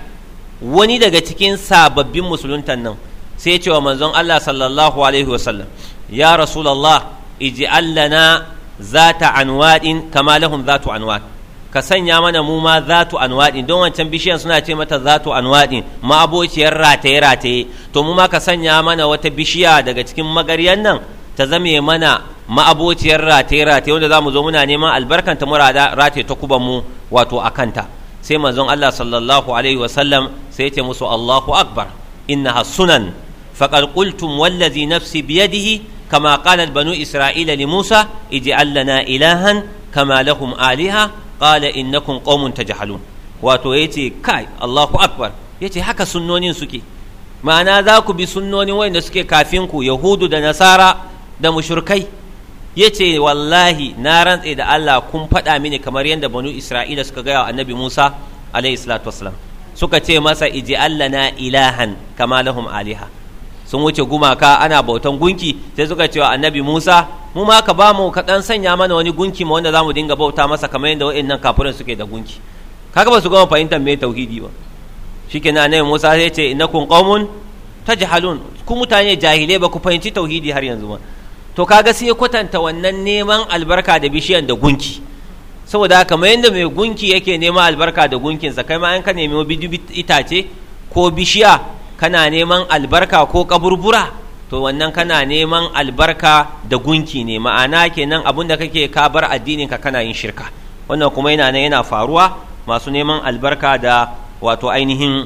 [SPEAKER 1] wani daga cikin sababbin musuluntan nan sai cewa manzon Allah sallallahu alaihi wasallam ya Rasulallah! ij'al zata anwadin kama lahum zatu anwad ka sanya mana mu ma zatu anwaɗin don wancan bishiyan suna ce mata zatu anwaɗi ma abociyar rataye rataye to mu ma ka sanya mana wata bishiya daga cikin magaryan nan ta zame mana ma'abociyar rataye rataye wanda za mu zo muna neman albarkanta murada rataye ta kuban mu wato akanta. sai manzon Allah sallallahu alaihi wasallam sai ce musu Allahu akbar innaha sunan faqad qultum wallazi nafsi biyadihi kama qala banu isra'ila li musa ij'al lana ilahan kama lahum aliha qala innakum ta jahalu wato yace kai Allahu akbar yace haka sunnonin suke ma'ana za ku bi sunnonin wanda suke kafin ku yahudu da nasara da mushrikai yace wallahi na rantse da Allah kun faɗa mini kamar yadda banu Isra'ila suka gaya wa annabi Musa alayhi salatu wassalam suka ce masa iji Allah na ilahan kama lahum aliha sun wuce gumaka ana bautan gunki sai suka ce wa annabi Musa mu ma ka ba mu ka dan sanya mana wani gunki ma wanda za mu dinga bauta masa kamar yadda wa'annan kafirin suke da gunki kaga ba su gama fahimtar me tauhidi ba shikenan annabi Musa sai ya ce innakum qaumun tajhalun ku mutane jahilai ba ku fahimci tauhidi har yanzu ba to kaga sai kwatanta wannan neman albarka da bishiyan da gunki saboda haka kamar yadda mai gunki yake nema albarka da gunkinsa kai ma an ka nemi itace ko bishiya kana neman albarka ko kaburbura to wannan kana neman albarka da gunki ne ma'ana kenan abin da kake ka bar addinin ka kana yin shirka wannan kuma yana nan yana faruwa masu neman albarka da wato ainihin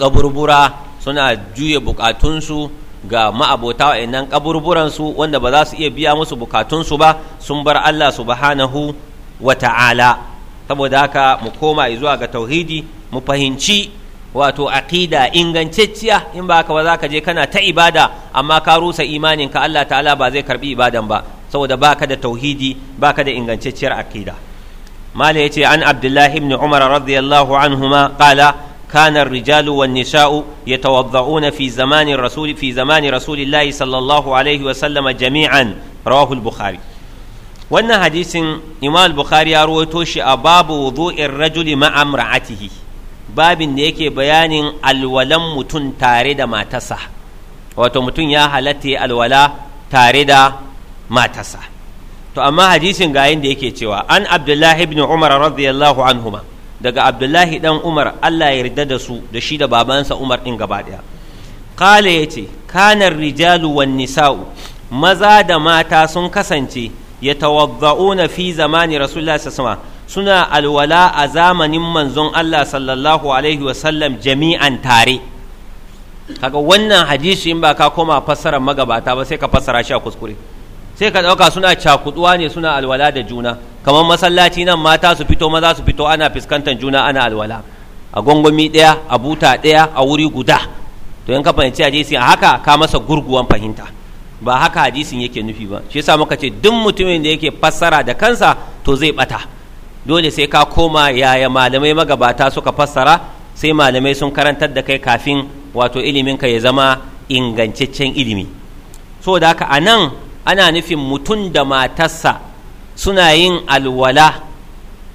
[SPEAKER 1] kaburbura suna juya bukatunsu ga ma'abota wa'annan kaburburansu wanda ba za su iya biya musu bukatunsu ba sun bar Allah subhanahu wa ta'ala saboda haka mu koma zuwa ga tauhidi mu fahimci wato aqida ingantacciya in ba haka ba za ka je kana ta ibada amma ka rusa imanin ka Allah ta'ala ba zai karbi ibadan ba saboda baka da tauhidi baka da ingantacciyar aqida mala yace an abdullahi ibn umar radiyallahu anhuma qala كان الرجال والنساء يتوضؤون في زمان الرسول في زمان رسول الله صلى الله عليه وسلم جميعا رواه البخاري wannan hadisin imam al-bukhari ya rawaito shi a babu wudu'in rajuli ma'a babin da yake bayanin alwalan mutum tare da matasa wato mutum ya halatta alwala tare da matarsa to amma hadisin ga da yake cewa an abdullahi ibn umar radiyallahu anhuma daga abdullahi dan umar Allah ya yarda da su da shi da babansa umar din gaba daya kale yace kanar rijalu wan nisa'u maza da mata sun kasance ya fi zamani rasu sallallahu suna alwala a zamanin manzon Allah sallallahu alaihi wasallam jami'an tare kaga wannan hadisi in ba ka koma fassara magabata ba sai ka fassara shi a kuskure sai ka ɗauka suna cakuduwa ne suna alwala da juna kamar masallaci nan mata su fito maza su fito ana fuskantar juna ana alwala a gongomi ɗaya a buta ɗaya a wuri guda to in ka fahimci hadisi a haka ka masa gurguwan fahimta ba haka hadisin yake nufi ba shi yasa muka ce duk mutumin da yake fassara da kansa to zai bata dole sai ka koma yaya malamai magabata suka fassara sai malamai sun karantar da kai kafin wato iliminka ya zama ingantaccen ilimi so da haka a nan ana nufin mutum da matarsa suna yin alwala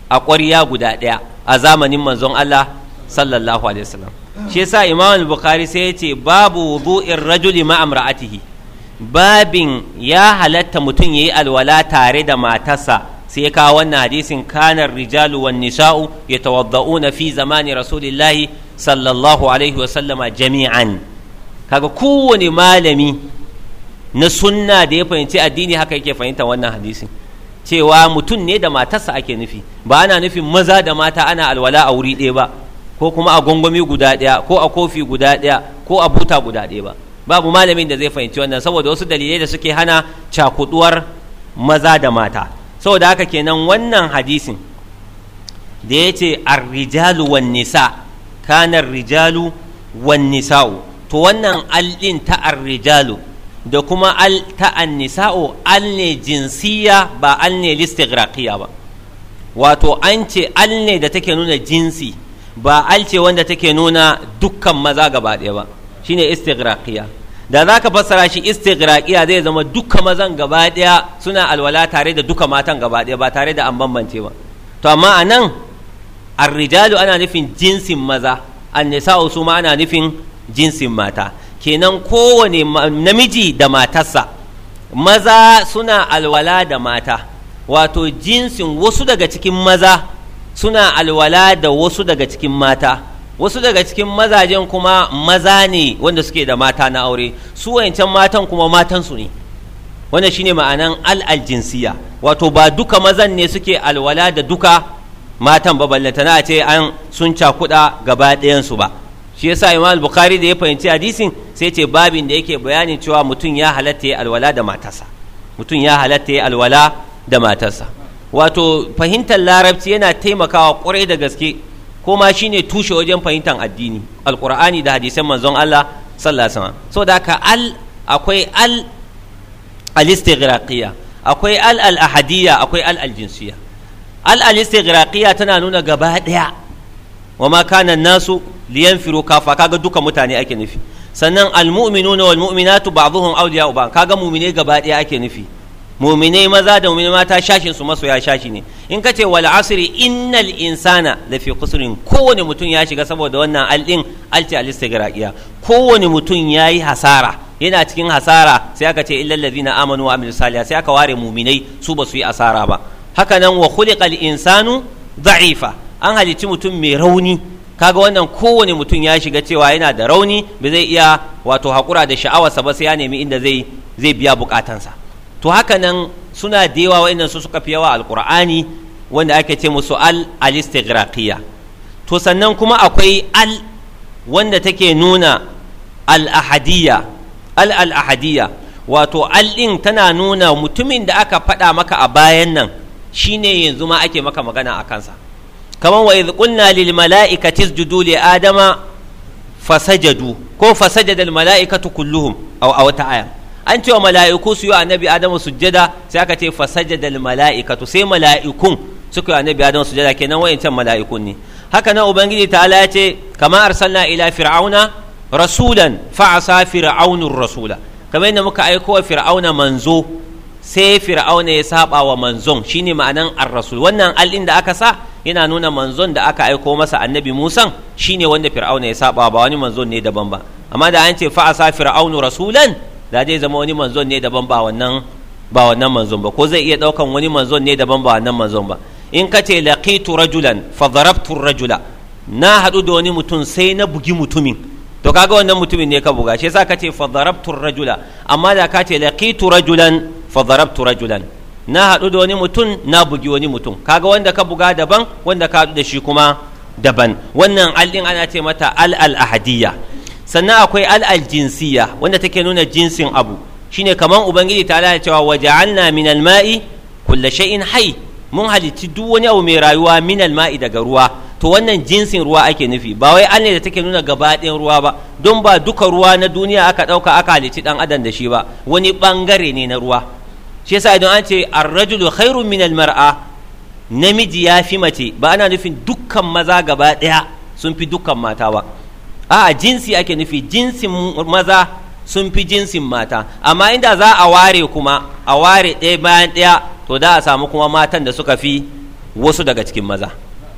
[SPEAKER 1] a ƙwarya guda ɗaya a zamanin manzon Allah sallallahu alaihi wasallam shi yasa Imam bukhari sai yace babu bu'in rajuli ma amra'atihi babin ya halatta mutum yayi alwala tare da matarsa sai ka wannan hadisin kanar rijalu wan nisa'u yatawadda'una fi zamani rasulillahi sallallahu alaihi wa sallama jami'an kaga kowane malami na sunna da ya fahimci addini haka yake fahimta wannan hadisin cewa mutum ne da matarsa ake nufi ba ana nufin maza da mata ana alwala a wuri ɗaya ba ko kuma a gwangwami guda ɗaya ko a kofi guda ɗaya ko a buta guda ɗaya ba babu malamin da zai fahimci wannan saboda wasu dalilai da suke hana cakuduwar maza da mata saboda haka kenan wannan hadisin da ya ce arrijalu wan nisa kanar rijalu wan nisa'u to wannan alɗin ta arrijalu da kuma al ta an nisa'u al ne jinsiya ba al ne listigraqiya ba wato an ce al ne da take nuna jinsi ba al ce wanda take nuna dukkan maza gaba ɗaya ba shine istigraqiya da za ka fassara shi istighraqiya zai zama duka mazan gaba daya suna alwala tare da duka matan gaba daya ba tare da an bambance ba to amma a nan arrijalu ana nufin jinsin maza annisa'u su ma ana nufin jinsin mata kenan kowane namiji da matarsa maza suna alwala da mata wato jinsin wasu daga cikin maza suna alwala da wasu daga cikin mata wasu daga cikin mazajen kuma maza ne wanda suke da mata na aure su wayancan matan kuma matansu ne wanda shine ma'anan al'aljinsiya wato ba duka mazan ne suke alwala da duka matan ba ballantana a ce an sun cakuɗa gaba ɗayansu ba shi yasa imam bukhari da ya fahimci hadisin sai ce babin da yake bayanin cewa mutum ya halatta ya alwala da matarsa mutum ya halatta ya alwala da matarsa wato fahimtar larabci yana taimakawa ƙwarai da gaske ko ma shine tushe wajen fahimtar addini alkur'ani da hadisan manzon Allah sallallahu alaihi wasallam saboda haka al akwai al al-istighraqiyya akwai al al-ahadiyya akwai al al-jinsiyya al al-istighraqiyya tana nuna gaba daya wa ma kana nasu liyanfiru kafa kaga duka mutane ake nufi sannan al-mu'minuna wal mu'minatu ba'dhuhum awliya'u ba'd kaga mu'mine gaba daya ake nufi muminai maza da muminai mata shashin su masoya shashi ne in ka ce wal asri innal insana lafi khusrin kowane mutum ya shiga saboda wannan aldin alti al istighraqiya kowane mutum yayi hasara yana cikin hasara sai aka ce illal ladina amanu wa amilus salihat sai aka ware muminai su ba su yi asara ba haka nan wa khuliqal insanu za'ifa an halicci mutum mai rauni kaga wannan kowane mutum ya shiga cewa yana da rauni ba zai iya wato hakura da sha'awarsa ba sai ya nemi inda zai zai biya bukatansa to haka nan suna da yawa wa'annan su suka fi yawa Alƙur'ani wanda ake ce musu al al to sannan kuma akwai al wanda take nuna al-ahadiyya al al-ahadiyya wato al din tana nuna mutumin da aka faɗa maka a bayan nan shine yanzu ma ake maka magana a kansa Kamar wa qulna lil mala'ikati isjudu li adama fasajadu ko fasajada al mala'ikatu kulluhum aw aw ta'ala an cewa mala'iku su yi annabi adamu sujjada sai aka ce fasajjada da mala'ikatu sai mala'ikun suka yi annabi adamu sujjada kenan wayancan mala'ikun ne haka nan ubangiji ta'ala ya ce kama arsalna ila fir'auna rasulan fa'asa fir'aunur rasula kamar yadda muka aiko wa fir'auna manzo sai fir'auna ya saba wa manzon shine ma'anan ar-rasul wannan al'in da aka sa yana nuna manzon da aka aiko masa annabi musan shine wanda fir'auna ya saba ba wani manzon ne daban ba amma da an ce fa'asa fir'aunu rasulan da zai zama wani manzon ne daban ba wannan ba wannan manzon ba ko zai iya daukan wani manzon ne daban ba wannan manzon ba in ka ce laqitu rajulan fa darabtu rajula na hadu da wani mutum sai na bugi mutumin to kaga wannan mutumin ne ka buga shi yasa ka ce fa darabtu rajula amma da ka ce laqitu rajulan fa darabtu rajulan na hadu da wani mutum na bugi wani mutum kaga wanda ka buga daban wanda ka hadu da shi kuma daban wannan al'in ana ce mata al al ahadiyya sannan akwai al'al jinsiya wanda take nuna jinsin abu shine kaman ubangiji ta ya cewa waja'alna min al-ma'i sha shay'in hayy mun halitti duk wani abu mai rayuwa min al-ma'i daga ruwa to wannan jinsin ruwa ake nufi ba wai allah ne da take nuna gaba ɗayan ruwa ba don ba duka ruwa na duniya aka ɗauka aka halici ɗan adam da shi ba wani ɓangare ne na ruwa shi yasa idan an ce arrajulu khairun min al-mar'a namiji ya fi mace ba ana nufin dukkan maza gaba ɗaya sun fi dukkan mata ba a jinsi ake nufi jinsin maza sun fi jinsin mata amma inda za a ware kuma a ware ɗaya bayan ɗaya to da a samu kuma matan da suka fi wasu daga cikin maza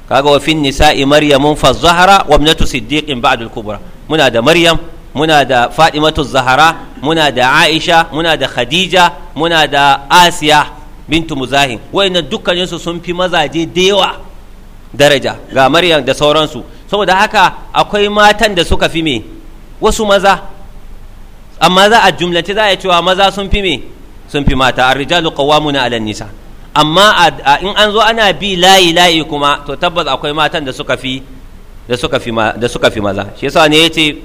[SPEAKER 1] kaga wa fin nisa'i maryamun fa zahara wa ibnatu siddiqin ba'dul kubra muna da maryam muna da fadimatu zahara muna da aisha muna da khadija muna da asiya bintu muzahin wayannan dukkaninsu sun fi mazaje da yawa daraja ga maryam da sauransu saboda haka akwai matan da suka fi me wasu maza amma za a jumlace za a cewa maza sun fi me sun fi mata arrijalu qawwamuna 'ala nisa amma in an zo ana bi layi layi kuma to tabbas akwai matan da suka fi da suka fi da suka fi maza shi yasa ne yace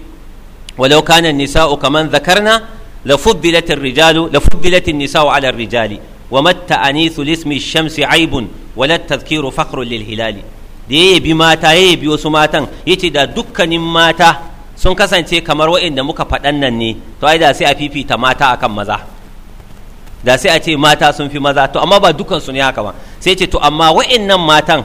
[SPEAKER 1] walau kana nisa'u kaman zakarna la fuddilat ar-rijalu la fuddilat an-nisa'u 'ala ar-rijali wa matta anithu lismi ash-shamsi 'aibun wa la tadhkiru fakhrun lil hilali da ya yabi mata ya yabi wasu matan ya ce da dukkanin mata sun kasance kamar waɗanda muka faɗan nan ne to ai da sai a fifita mata akan maza da sai a ce mata sun fi maza to amma ba dukansu ne haka ba sai ce to amma waɗannan matan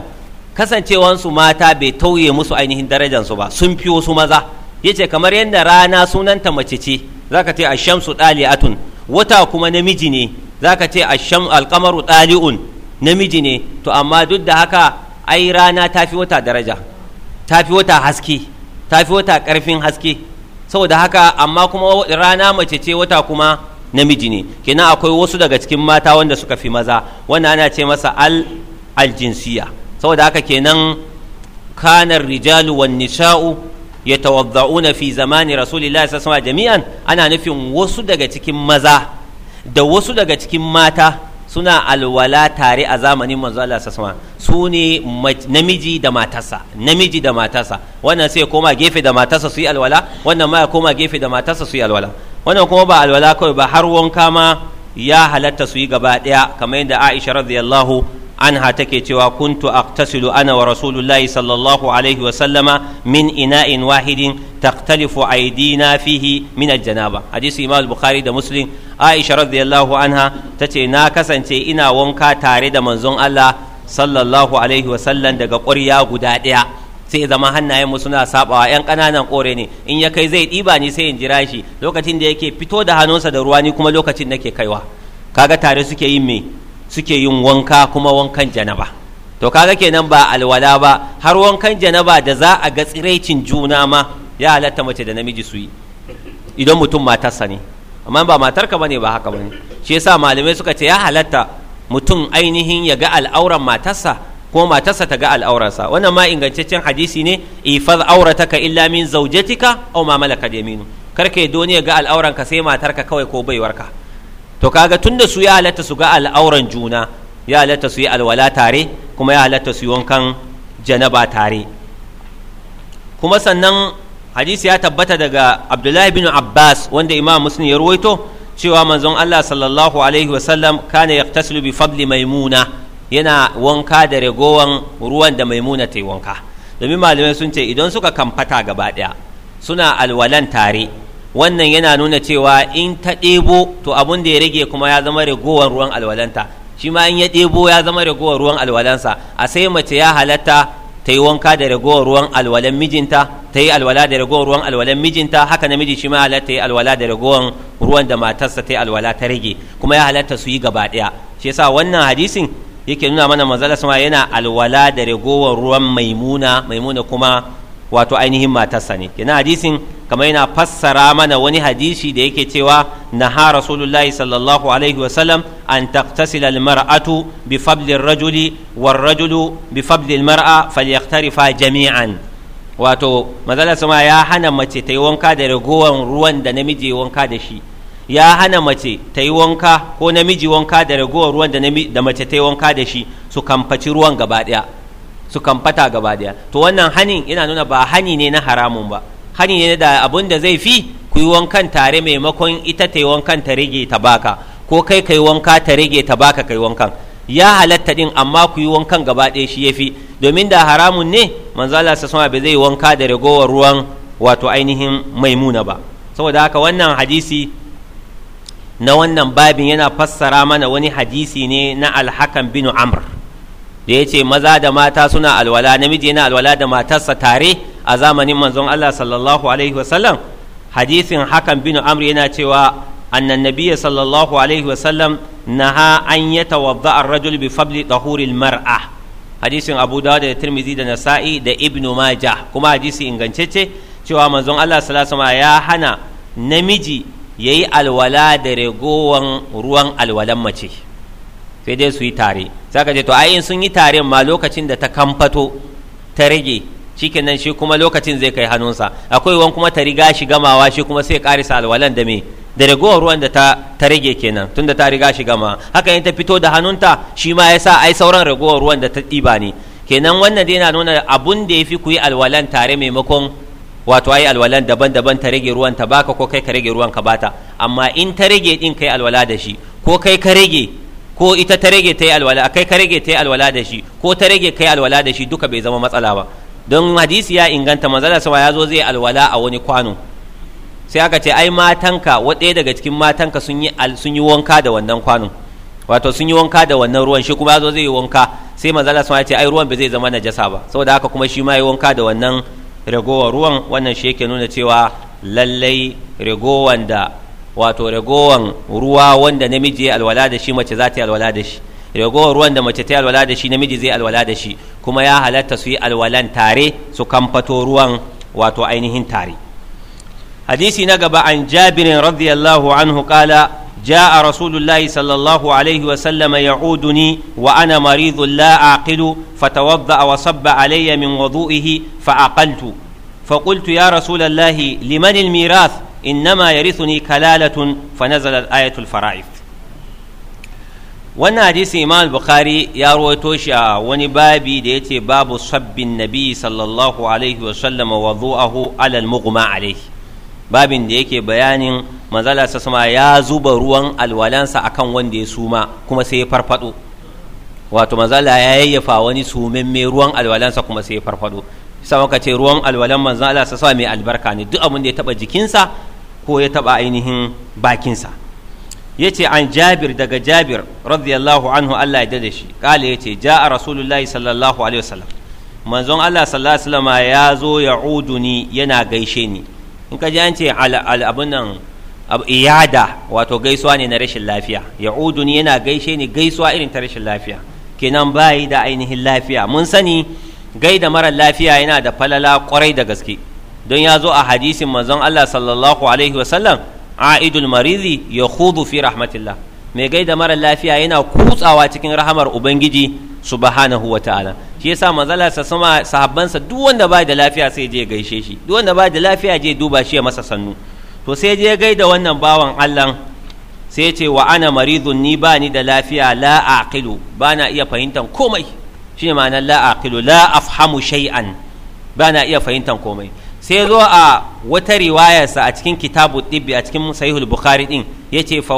[SPEAKER 1] kasancewansu mata bai tauye musu ainihin darajansu ba sun fi wasu maza ya ce kamar yadda rana sunanta mace ce zaka ce ashamsu dali'atun wata kuma namiji ne zaka ce asham alqamaru dali'un namiji ne to amma duk da haka ai rana ta fi wata daraja ta fi wata haske ta fi wata ƙarfin haske saboda haka amma kuma rana mace ce wata kuma namiji ne kenan akwai wasu daga cikin mata wanda suka fi maza wannan ana ce masa al aljinsiya saboda haka kenan kanar rijalu wan nisa'u yatawadda'una fi zamani rasulillahi sallallahu alaihi wasallam jami'an ana nufin wasu daga cikin maza da wasu daga cikin mata suna alwala tare a zamanin manzo Allah sassama su ne namiji da matarsa namiji da matarsa wannan sai koma gefe da matarsa su yi alwala wannan ma ya koma gefe da matarsa su yi alwala wannan kuma ba alwala kawai ba har wanka ma ya halatta su yi gaba daya kamar yadda Aisha radiyallahu anha take cewa kuntu aqtasilu ana wa rasulullahi sallallahu alaihi wa sallama min ina'in wahidin taqtalifu aydina fihi min aljanaba hadisi imam al da muslim aisha radiyallahu anha tace na kasance ina wanka tare da manzon Allah sallallahu alaihi wa sallam daga ƙwarya guda ɗaya sai zama hannayen mu suna sabawa yan kananan kore ne in ya kai zai ɗiba ni sai in jira shi lokacin da yake fito da hannunsa da ruwa ni kuma lokacin nake kaiwa kaga tare suke yi me suke yin wanka kuma wankan janaba to kaga kenan ba alwala ba har wankan janaba da za a ga tsiraicin juna ma ya halatta mace da namiji su yi idan mutum matarsa ne amma ba matarka bane ba haka bane shi yasa malamai suka ce ya halatta mutum ainihin ya ga al'auran matarsa ko matarsa ta ga al'aurarsa wannan ma ingantaccen hadisi ne ifaz aurataka illa min zawjatika aw ma malakat yaminu karka yi doni ya ga al'auranka sai matarka kawai ko baiwarka to kaga da su ya halatta su ga al'auran juna ya halatta su yi alwala tare kuma ya halatta su yi wankan janaba tare kuma sannan hadisi ya tabbata daga abdullahi bin abbas wanda imam muslim ya ruwaito cewa manzon allah sallallahu alaihi wasallam kana yaktasilu bi fadli maimuna yana wanka da ragowan ruwan da maimuna ta yi wanka domin malamai sun ce idan suka kamfata gaba ɗaya suna alwalan tare wannan yana nuna cewa in ta ɗebo to abun da ya rage kuma ya zama ragowar ruwan alwalanta shi ma in ya ɗebo ya zama ragowar ruwan alwalansa a sai mace ya halatta ta yi wanka da ragowar ruwan alwalan mijinta ta yi alwala da ragowar ruwan alwalan mijinta haka namiji shi ma halatta yi alwala da ragowar ruwan da matarsa ta yi alwala ta rage kuma ya halatta su yi gaba ɗaya shi yasa wannan hadisin yake nuna mana manzala sama yana alwala da ragowar ruwan maimuna maimuna kuma wato ainihin matarsa ne kenan hadisin kama yana fassara mana wani hadisi da yake cewa na ha rasulullahi sallallahu alaihi wasallam an taqtasila almar'atu bi fadli rajuli war rajulu bi fadli al-mar'a falyaktarifa jami'an wato mazala sama ya hana mace ta yi wanka da ragowan ruwan da namiji wanka da shi ya hana mace ta yi wanka ko namiji wanka da ragowar ruwan da mace ta yi wanka da shi su kamfaci ruwan gaba daya su kamfata gaba daya to wannan hanin yana nuna ba hani ne na haramun ba hani ne da abun da zai fi ku yi wankan tare maimakon ita ta yi wankan ta rage ta baka ko kai kai wanka ta rage ta baka kai wankan ya halatta din amma ku yi wankan gaba ɗaya shi fi domin da haramun ne manzala sa suna bai zai wanka da ragowar ruwan wato ainihin maimuna ba saboda haka wannan hadisi na wannan babin yana fassara mana wani hadisi ne na alhakan binu amr da ya ce maza da mata suna alwala namiji yana alwala da matarsa tare a zamanin manzon Allah sallallahu alaihi wasallam hadisin hakan Bino amr yana cewa annan nabiyya sallallahu alaihi wasallam ha an yatawadda ar-rajul bi fadli tahuril mar'a hadisin Abu Dawud da Tirmidhi da Nasa'i da ibnu Majah kuma hadisi ingancacce cewa manzon Allah sallallahu alaihi ya hana namiji yayi alwala da ragowan ruwan alwalan mace sai dai su yi tare zaka je to ai sun yi tare ma lokacin da ta kamfato ta rage nan shi kuma lokacin zai kai hannunsa akwai wani kuma ta riga shi gamawa shi kuma sai karisa alwalan da me da ragowar ruwan da ta, ta rage kenan tunda ta riga shi gama haka in ta fito da hannunta shi ma ya sa ai sauran ragowar ruwan da ta ɗiba ne kenan wannan dai yana nuna abun da ya fi ku yi alwalan tare maimakon wato ai alwalan daban-daban ta rage ruwan ta baka ko kai ka rage ruwan ka bata amma in ta rage din kai alwala da shi ko kai ka rage ko ita ta rage ta yi alwala kai ka rage ta yi alwala da shi ko ta rage kai alwala da shi duka bai zama matsala ba don hadisi ya inganta manzala sama ya zo zai alwala a wani kwano sai aka ce ai matanka waɗaya daga cikin matanka sun yi sun yi wanka da wannan kwanon wato sun yi wanka da wannan ruwan shi kuma ya zo zai yi wanka sai manzala sama ya ce ai ruwan ba zai zama najasa ba saboda haka kuma shi ma yi wanka da wannan ragowar ruwan wannan shi yake nuna cewa lallai ragowan da wato ragowan ruwa wanda namiji ya alwala da shi mace za ta yi alwala da shi ragowar ruwan da mace ta yi alwala da shi namiji zai alwala da shi kuma ya halatta su yi alwalan tare su kanfato ruwan wato ainihin tare hadisi na gaba an jabirin radiyallahu anhu kala ja'a rasulullah sallallahu alaihi wa sallama ya'uduni wa ana maridu la aqilu fatawadda wa sabba alayya min wudu'ihi fa aqaltu fa qultu ya rasulullah liman al-mirath إنما يرثني كلالة فنزلت آية الفرائض wannan hadisin imam bukhari ya rawaito shi a wani babi da ya ce babu sabbin nabi sallallahu alaihi wa sallam wa zu'ahu alal mughma alaihi babin da yake bayanin manzala sama ya zuba ruwan alwalansa akan wanda ya suma kuma sai ya farfado wato manzala ya yayyafa wani sume-mai ruwan alwalansa kuma sai ya farfado sai muka ce ruwan alwalan manzala sama mai albarka ne duk abin da ya taba jikinsa ko ya taba ainihin bakinsa yace an jabir daga jabir radiyallahu anhu Allah ya dade shi kale yace ja'a rasulullahi sallallahu alaihi wasallam manzon Allah sallallahu alaihi wasallam ya zo ya uduni yana gaishe ni in ka ji an ce al abun nan iyada wato gaisuwa ne na rashin lafiya ya uduni yana gaishe ni gaisuwa irin ta rashin lafiya kenan bayi da ainihin lafiya mun sani gaida mara lafiya yana da falala kwarai da gaske don ya zo a hadisin manzon Allah sallallahu alaihi wasallam aidul marizi ya khudu fi rahmatillah mai gaida mara lafiya yana kutsawa cikin rahamar ubangiji subhanahu wa ta'ala shi yasa manzala sa sama sahabbansa duk wanda ba da lafiya sai je gaishe shi duk wanda ba da lafiya je duba shi ya masa sannu to sai je gaida wannan bawan Allah sai ce wa ana maridun ni ba ni da lafiya la aqilu ba na iya fahimtan komai shine ma'anar la aqilu la afhamu shay'an ba na iya fahimtan komai sai zo a wata riwayarsa a cikin kitabu tibbi a cikin sahihul bukhari din yace fa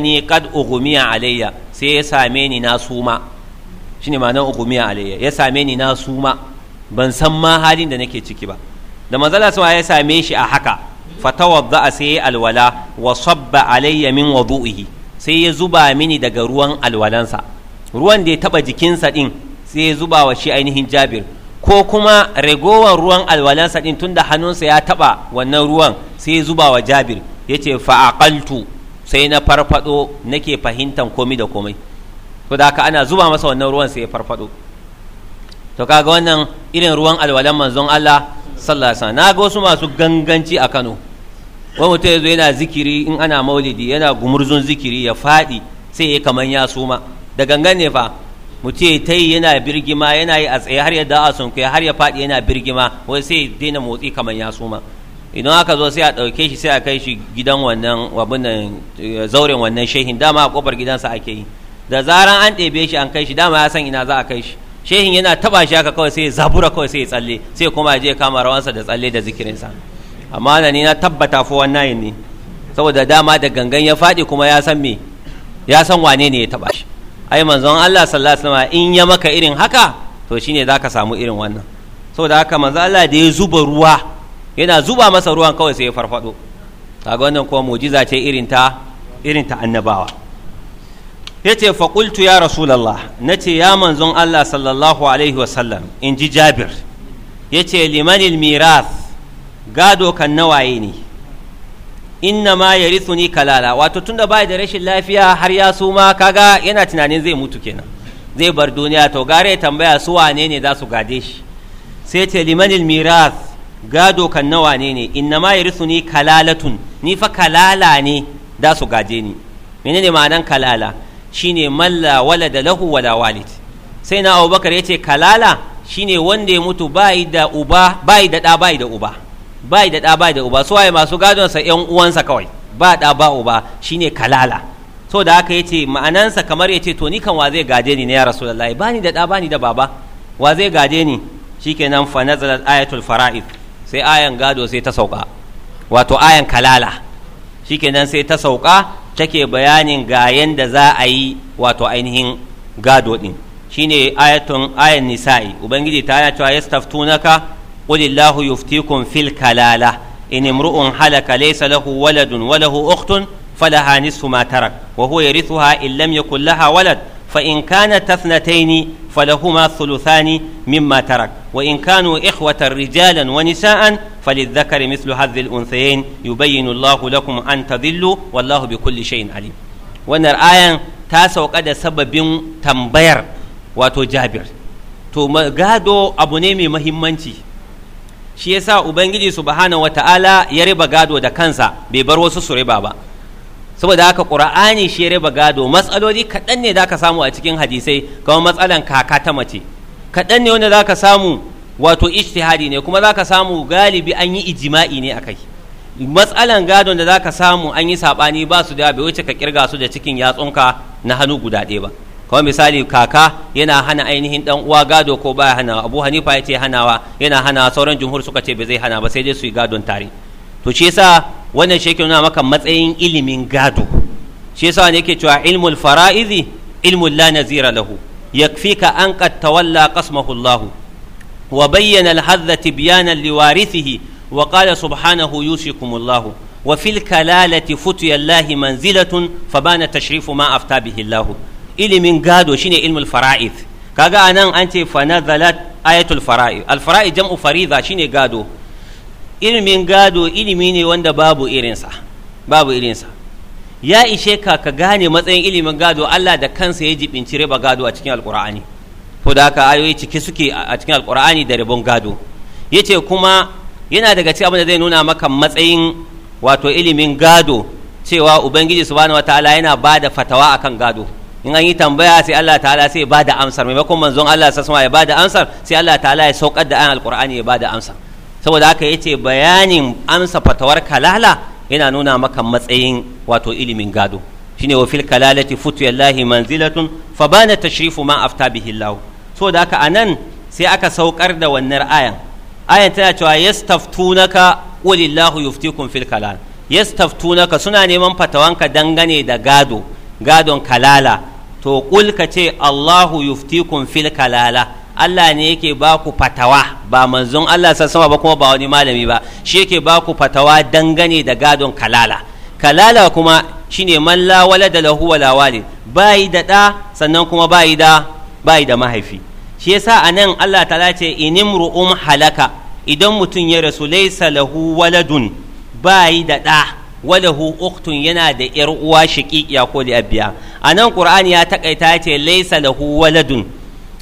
[SPEAKER 1] ni qad ughmiya alayya sai ya same ni na suma shine ma'anar ughmiya alayya ya same ni na suma ban san ma halin da nake ciki ba da manzala sama ya same shi a haka fatawadda sai alwala wa sabba alayya min wudu'ihi sai ya zuba mini daga ruwan alwalansa ruwan da ya taɓa jikinsa ɗin sai ya zuba wa shi ainihin jabir ko kuma ragowar ruwan alwalansa din tunda hannunsa ya taɓa wannan ruwan sai zuba wa jabir ya ce fa'aƙaltu sai na farfado nake fahimtan komi da komai to da haka ana zuba masa wannan ruwan sai ya farfaɗo to kaga wannan irin ruwan alwalan manzon Allah sallallahu na ga wasu masu ganganci a Kano wani mutum yazo yana zikiri in ana maulidi yana gumurzun zikiri ya fadi sai ya kaman ya suma da gangan ne fa mutum ya ta yi yana birgima yana yi a tsaye har ya da'a sun kai har ya faɗi yana birgima wai sai daina motsi kamar ya suma idan aka zo sai a ɗauke shi sai a kai shi gidan wannan wabunan eh, zauren wannan shehin dama a ƙofar gidansa ake yi da zaran an ɗebe shi an kai shi dama ya san ina za a kai shi shehin yana taɓa shi haka kawai sai ya zabura kawai sai ya tsalle sai kuma je kama rawansa da tsalle da zikirinsa amma na ni na tabbata fo wannan ne saboda dama da gangan ya faɗi kuma ya san me ya san wane ne ya taɓa shi ai manzon Allah sallallahu alaihi wasallam in ya maka irin haka to shine zaka samu irin wannan saboda haka manzon Allah da ya zuba ruwa yana zuba masa ruwan kawai sai ya farfado kaga wannan kuma mu'jiza ce irin ta irin ta annabawa yace fa qultu ya rasulullah nace ya manzon Allah sallallahu alaihi wasallam in ji Jabir yace limanil mirath gado kan nawaye ne inna ma ni kalala wato tunda ba da rashin lafiya har ya suma kaga yana tunanin zai mutu kenan zai bar duniya to gare tambaya su wane ne za su gade shi sai ta limanil miras, gado kan nawa ne ne inna ma yarithuni kalalatun ni fa kalala ne za su gaje ni menene ma'anan kalala shine malla walada lahu wala walid sai na abubakar ya ce kalala shine wanda ya mutu bai da uba bai da da bai da uba ba da ɗa ba da uba suwaye masu gadonsa yan uwansa kawai ba ɗa ba uba shine kalala so da haka yace ma'anansa kamar yace to ni kan wa zai gade ni ne ya rasulullahi ni da ɗa ni da baba wa zai gade ni shikenan fa nazalat ayatul fara'id sai ayan gado sai ta sauka wato ayan kalala shikenan sai ta sauka take bayanin ga yanda za a yi wato ainihin gado din shine ayatun ayan nisa'i ubangiji ta ya cewa yastaftunaka قل الله يفتيكم في الكلالة إن امرؤ حلك ليس له ولد وله أخت فلها نصف ما ترك وهو يرثها إن لم يكن لها ولد فإن كانت اثنتين فلهما الثلثان مما ترك وإن كانوا إخوة رجالا ونساء فللذكر مثل هذ الأنثيين يبين الله لكم أن تذلوا والله بكل شيء عليم wannan ayan ta sauka da sababin tambayar wato jabir to gado abu ne mai mahimmanci shi yasa ubangiji subhanahu wata'ala ya riba gado da kansa bai bar wasu su riba ba saboda haka qur'ani shi ya riba gado matsaloli kaɗan ne zaka samu a cikin hadisai kamar matsalan kaka ta mace kaɗan ne wanda zaka samu wato ijtihadi ne kuma zaka samu galibi an yi ijima'i ne akai matsalan gadon da zaka samu an yi sabani ba su da bai wuce ka kirga su da cikin yatsunka na hannu guda ɗaya ba kamar misali kaka yana hana ainihin dan uwa gado ko baya hana abu hanifa ya ce hanawa yana hana sauran jumhur suka ce bai zai hana ba sai dai su yi gadon tare to shi yasa wannan shekin nuna maka matsayin ilimin gado shi yasa ne yake cewa ilmul fara'izi ilmul la nazira lahu yakfika an qad tawalla qasmahu Allah wa bayyana al-hadha tibyanan liwarithihi wa qala subhanahu yusikum Allah wa fil kalalati futuya Allah manzilatun fabana tashrifu ma afta bihi Allah ilimin gado shine ilmul fara'id kaga anan an ce fa nazalat ayatul fara'id al fara'id jam'u fariza shine gado ilimin gado ilimi ne wanda babu irinsa babu irinsa ya ishe ka ka gane matsayin ilimin gado Allah da kansa ya jibinci riba gado a cikin alqur'ani to da haka ayoyi ciki suke a cikin alqur'ani da ribon gado yace kuma yana daga cikin abin da zai nuna maka matsayin wato ilimin gado cewa ubangiji subhanahu wataala yana da fatawa akan gado in an yi tambaya sai Allah ta'ala sai ya bada amsar maimakon manzon Allah sa ya da amsar sai Allah ta'ala ya saukar da ayan alkur'ani ya bada amsar saboda haka ce bayanin amsa fatawar kalala yana nuna maka matsayin wato ilimin gado shine wa fil kalalati futuyallahi manzilatun fa bana tashrifu ma afta bihi Allah saboda haka anan sai aka saukar da wannan ayan ayan tana cewa yastaftunaka qulillahu yuftikum fil kalal yastaftunaka suna neman fatawanka dangane da gado gadon kalala to kul ka ce Allahu yuftikum fil kalala Allah ne yake ba ku fatawa ba manzon Allah sassama ba kuma ba wani malami ba shi yake ba ku fatawa dangane da gadon kalala kalala kuma shine man la walada lahu wala walid bai da da sannan kuma bai da bai da mahaifi shi yasa anan Allah ta ce um halaka idan mutum ya rasu laysa lahu waladun bayi da da walahu uktun yana da yar uwa shaqiqiya ko li'abiya anan ƙur'ani ya takaita ya ce laysa lahu waladun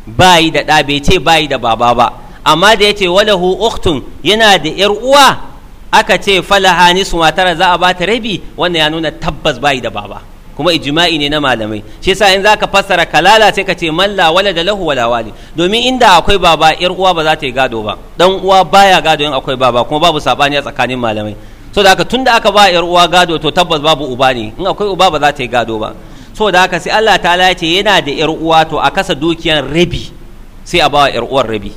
[SPEAKER 1] bayi da da bai ce bayi da baba ba amma da yace walahu uktun yana da yar uwa aka ce falaha nisu matara za a bata rabi wannan ya nuna tabbas bayi da baba kuma ijma'i ne na malamai shi yasa in zaka fassara kalala sai ka ce man la walada lahu wala wali domin inda akwai baba yar uwa ba za ta yi gado ba ɗan uwa baya gado in akwai baba kuma babu sabani a tsakanin malamai so da haka tun da aka ba yar uwa gado to tabbas babu uba ne in akwai uba ba za ta yi gado ba so da haka sai Allah ta ce yana da yar uwa to a kasa dukiyar rabi sai a ba yar uwar rabi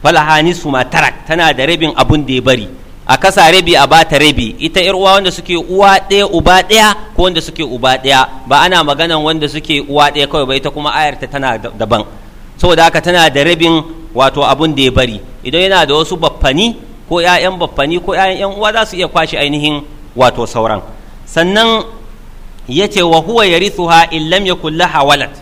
[SPEAKER 1] Falahani su ma tarak tana da rabin abun da ya bari a kasa rabi a bata rabi ita yar uwa wanda suke uwa ɗaya uba ɗaya ko wanda suke uba ɗaya ba ana maganan wanda suke uwa ɗaya kawai ba ita kuma ayarta tana daban saboda haka tana da rabin wato abun da ya bari idan yana da wasu baffani ko 'ya'yan baffani ko 'ya'yan 'yan uwa za su iya kwashe ainihin wato sauran sannan ya ce wa huwa ya rithuha in lam yakul laha walad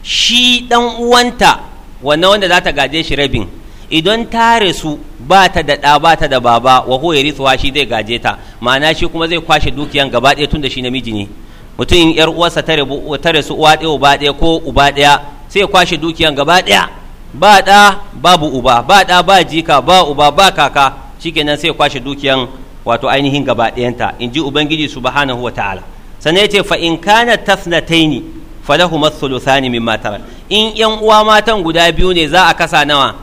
[SPEAKER 1] shi dan uwanta wannan wanda za ta gaje shi rabin idan ta rasu ba ta da ɗa ba ta da baba wa huwa ya rithuha shi zai gaje ta ma'ana shi kuma zai kwashe dukiyan gaba ɗaya da shi namiji ne mutum yar uwarsa ta rasu uwa ɗaya uba ɗaya ko uba ɗaya sai kwashe dukiyan gaba ɗaya ba ɗa babu uba ba ɗa ba jika ba uba ba kaka shikenan sai kwashe dukiyan wato ainihin gaba ɗayanta in ji ubangiji subhanahu wataala sannan ce fa in kana tasnataini falahuma thuluthani mimma tarak in yan uwa matan guda biyu ne za a kasa nawa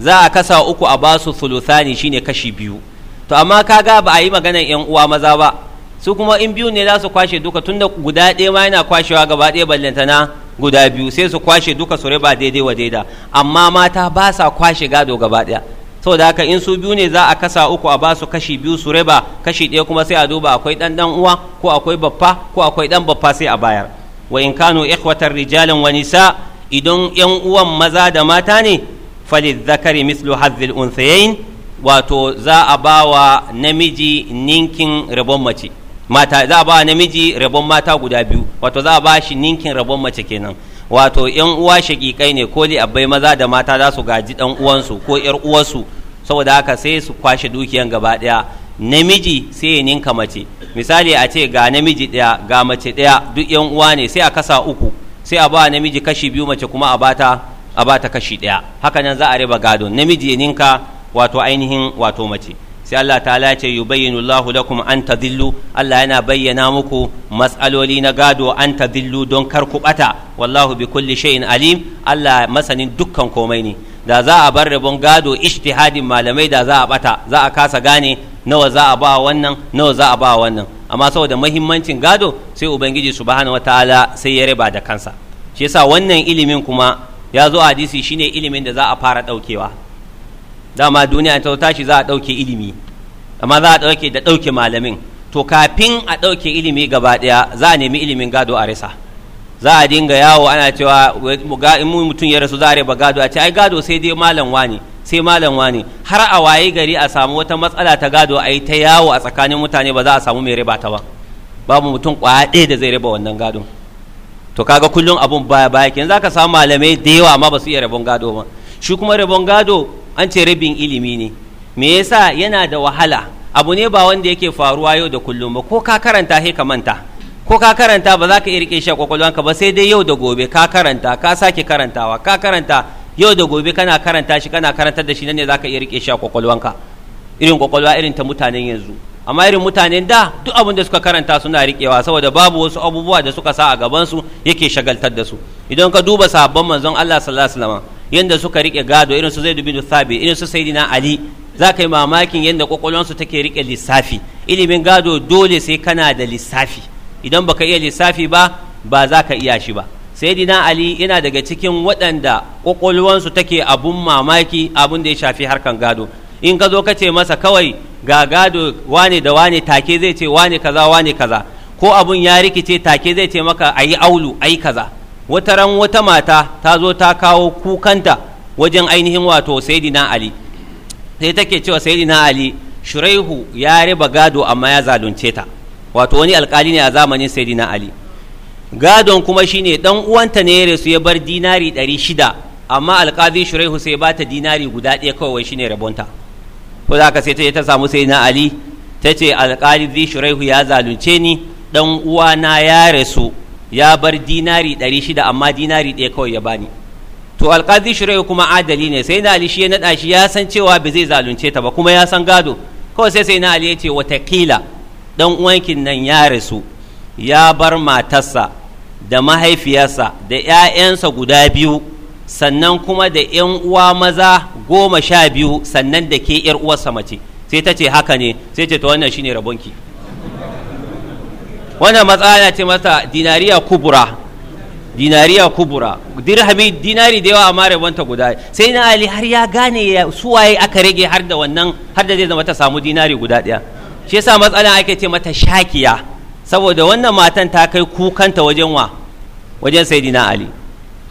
[SPEAKER 1] za a kasa uku a ba basu thuluthani shine kashi biyu to amma kaga ba a yi maganar yan uwa maza ba su kuma in biyu ne za su kwashe duka tunda guda ɗaya ma yana kwashewa gaba ɗaya ballantana guda biyu sai su kwashe duka su raba daidai wa daida amma mata ba sa kwashe gado gaba ɗaya saboda haka in su biyu ne za a kasa uku a ba su kashi biyu su raba kashi ɗaya kuma sai a duba akwai ɗan ɗan uwa ko akwai baffa ko akwai ɗan baffa sai a bayar wa in kanu ikhwatar rijalan wa nisa idan yan uwan maza da mata ne falizzakari mislu hazzil unthayain wato za a ba wa namiji ninkin rabon mace mata za a ba namiji rabon mata guda biyu wato za a ba shi ninkin rabon mace kenan wato yan uwa shakikai ne ko abai maza da mata za su gaji dan uwansu ko yar uwarsu saboda haka sai su kwashe dukiyan gaba daya namiji sai ya ninka mace misali a ce ga namiji daya ga mace daya duk yan uwa ne sai a kasa uku sai a ba namiji kashi biyu mace kuma a bata a bata kashi daya haka nan za a riba gado namiji ya ninka wato ainihin wato mace sai Allah ta ala ce yubayyinu Allahu lakum an ta zillu Allah yana bayyana muku matsaloli na gado an ta zillu don kar ku bata wallahu bi kulli shay'in alim Allah masanin dukkan komai ne da za a bar rabon gado ijtihadin malamai da za a bata za a kasa gane nawa za a ba wannan nawa za a ba wannan amma saboda mahimmancin gado sai ubangiji subhanahu wataala sai ya riba da kansa shi yasa wannan ilimin kuma ya zo hadisi shine ilimin da za a fara daukewa dama duniya ta tashi za a ɗauke ilimi amma za a ɗauke da ɗauke malamin to kafin a ɗauke ilimi gaba ɗaya za a nemi ilimin gado a rasa za a dinga yawo ana cewa in mutum ya rasu za a raba gado a ce ai gado sai dai malam wani sai malam wani har a waye gari a samu wata matsala ta gado a yi ta yawo a tsakanin mutane ba za a samu mai riba ta ba babu mutum kwaya ɗaya da zai riba wannan gado to kaga kullum abun baya baya kenan zaka samu malamai da yawa amma ba su iya rabon gado ba shi kuma rabon gado an ce rabin ilimi ne me yasa yana da wahala abu ne ba wanda yake faruwa yau da kullum ba ko ka karanta he ka manta ko ka karanta ba za ka iya rike shi a kwakwalwanka ba sai dai yau da gobe ka karanta ka sake karantawa ka karanta yau da gobe kana karanta shi kana karantar da shi nan ne za ka iya rike shi kwakwalwanka irin kwakwalwa irin ta mutanen yanzu amma irin mutanen da duk abin da suka karanta suna riƙewa saboda babu wasu abubuwa da suka sa a gabansu yake shagaltar da su idan ka duba sabon manzon Allah sallallahu alaihi wasallam yanda suka rike gado irin su Zaid bin Thabit irin su Sayyidina Ali za ka yi mamakin yadda kwakwalwansu take rike lissafi ilimin gado dole sai kana da lissafi idan baka iya lissafi ba ba za ka iya shi ba Saidina Ali yana daga cikin waɗanda kwakwalwansu take abun mamaki abun da ya shafi harkan gado in ka zo ka ce masa kawai ga gado wane da wane take zai ce wane kaza wane kaza ko abun ya rikice take zai ce maka ayi aulu ayi kaza wata ran wata mata ta zo ta kawo kukanta wajen ainihin wato sayyidina ali sai take cewa na ali shuraihu ya riba gado amma ya zalunce ta wato wani alkali ne a zamanin na ali gadon kuma shine dan uwanta ne ya rasu ya bar dinari 600 amma alkazi shuraihu sai ba ta dinari guda ɗaya kawai wai shine rabonta ko za ka sai ta je ta samu na ali ta ce alkali shuraihu ya zalunce ni dan uwana ya rasu ya bar dinari ɗari shida amma dinari ɗaya kawai ya bani to alƙazi shirai kuma adali ne sai na ali shi ya naɗa shi ya san cewa ba zai zalunce ta ba kuma ya san gado kawai sai sai na ali ya ce watakila ɗan uwankin nan ya rasu ya bar matarsa da mahaifiyarsa da 'ya'yansa guda biyu sannan kuma da 'yan uwa maza goma sha biyu sannan da ke 'yar uwarsa mace sai ta ce haka ne sai ce ta wannan shine rabonki wannan matsala ce masa dinariya kubura dinariya kubura dirhami dinari da yawa amma rabonta guda sai na ali har ya gane suwaye aka rage har da wannan har da zai zama ta samu dinari guda ɗaya shi yasa matsala ake ce mata shakiya saboda wannan matan ta kai kukanta wajen wa wajen sayyidina ali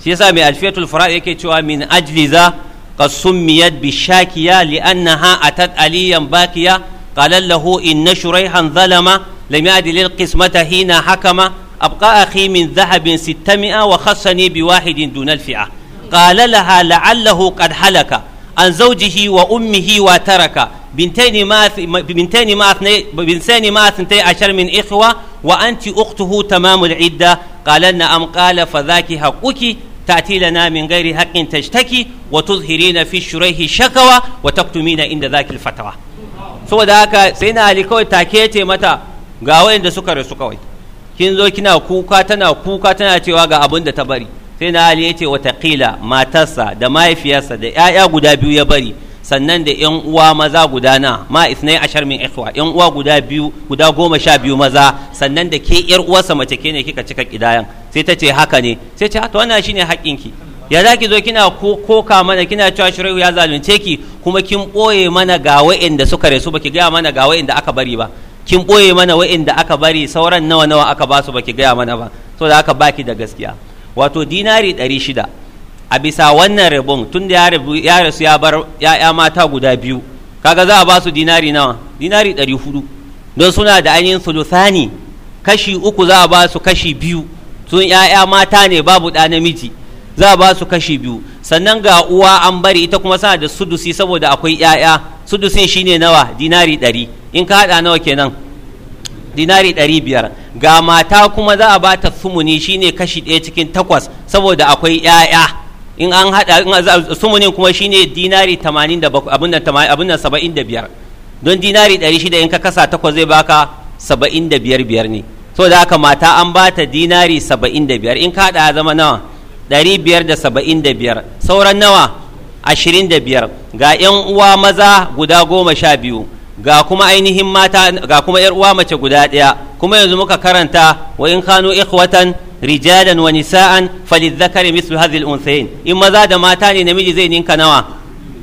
[SPEAKER 1] shi yasa mai alfiyatul furat yake cewa min ajliza qad summiyat bi shakiya li annaha atat aliyan baqiya qala lahu inna shuraihan zalama لم يعدل القسمة حين حكم أبقى أخي من ذهب ستمائة وخصني بواحد دون الفئة قال لها لعله قد حلك عن زوجه وأمه وترك بنتين ما بنتين ما بنتين ما اثنتي عشر من إخوة وأنت أخته تمام العدة قالن أم قال فذاك حقك تأتي لنا من غير حق تشتكي وتظهرين في الشريه شكوى وتكتمين عند ذاك الفتوى سو ذاك سينا علي كوي تاكيتي متى ga da suka rasu kawai kin zo kina kuka tana kuka tana cewa ga abin da ta bari sai na ali yace watakila matarsa da mahaifiyarsa da 'ya'ya guda biyu ya bari sannan da yan uwa maza guda na ma isnai ashar min ikhwa yan uwa guda biyu guda goma sha biyu maza sannan da ke yar uwarsa mace ke ne kika cika kidayan sai ta ce haka ne sai ce to wannan shine haƙƙinki ya za ki zo kina koka mana kina cewa shirayu ya zalunce ki kuma kin ɓoye mana ga wa'inda suka rasu baki gaya mana ga wa'inda aka bari ba kin boye mana da aka bari sauran nawa nawa aka ba su baki gaya mana ba so da aka baki da gaskiya wato dinari ɗari shida a bisa wannan rabon tun da ya rasu ya bar ya'ya mata guda biyu kaga za a ba su dinari nawa dinari ɗari hudu don suna da ainihin sulusani kashi uku za a ba su kashi biyu tun ya'ya mata ne babu ɗa namiji za a ba su kashi biyu sannan ga uwa an bari ita kuma sana da sudusi saboda akwai ya'ya sudusin shine nawa dinari ɗari in ka haɗa nawa kenan dinari ɗari biyar ga mata kuma za a ba ta sumuni shine kashi ɗaya cikin takwas saboda akwai ‘ya'ya in an haɗa sumunin kuma shine dinari tamanin da abin nan saba'in da biyar don dinari ɗari shida in ka kasa takwas zai baka saba'in da biyar biyar ne so da haka mata an ba ta dinari saba'in da biyar in ka haɗa zama nawa ɗari biyar da saba'in da biyar sauran nawa ashirin da biyar ga 'yan uwa maza guda goma sha biyu ga kuma ainihin mata ga kuma yar uwa mace guda ɗaya kuma yanzu muka karanta wa in kanu ikhwatan rijalan wa nisa'an falidhakari mislu hadhihi al-unthayn in maza da mata ne namiji zai ninka nawa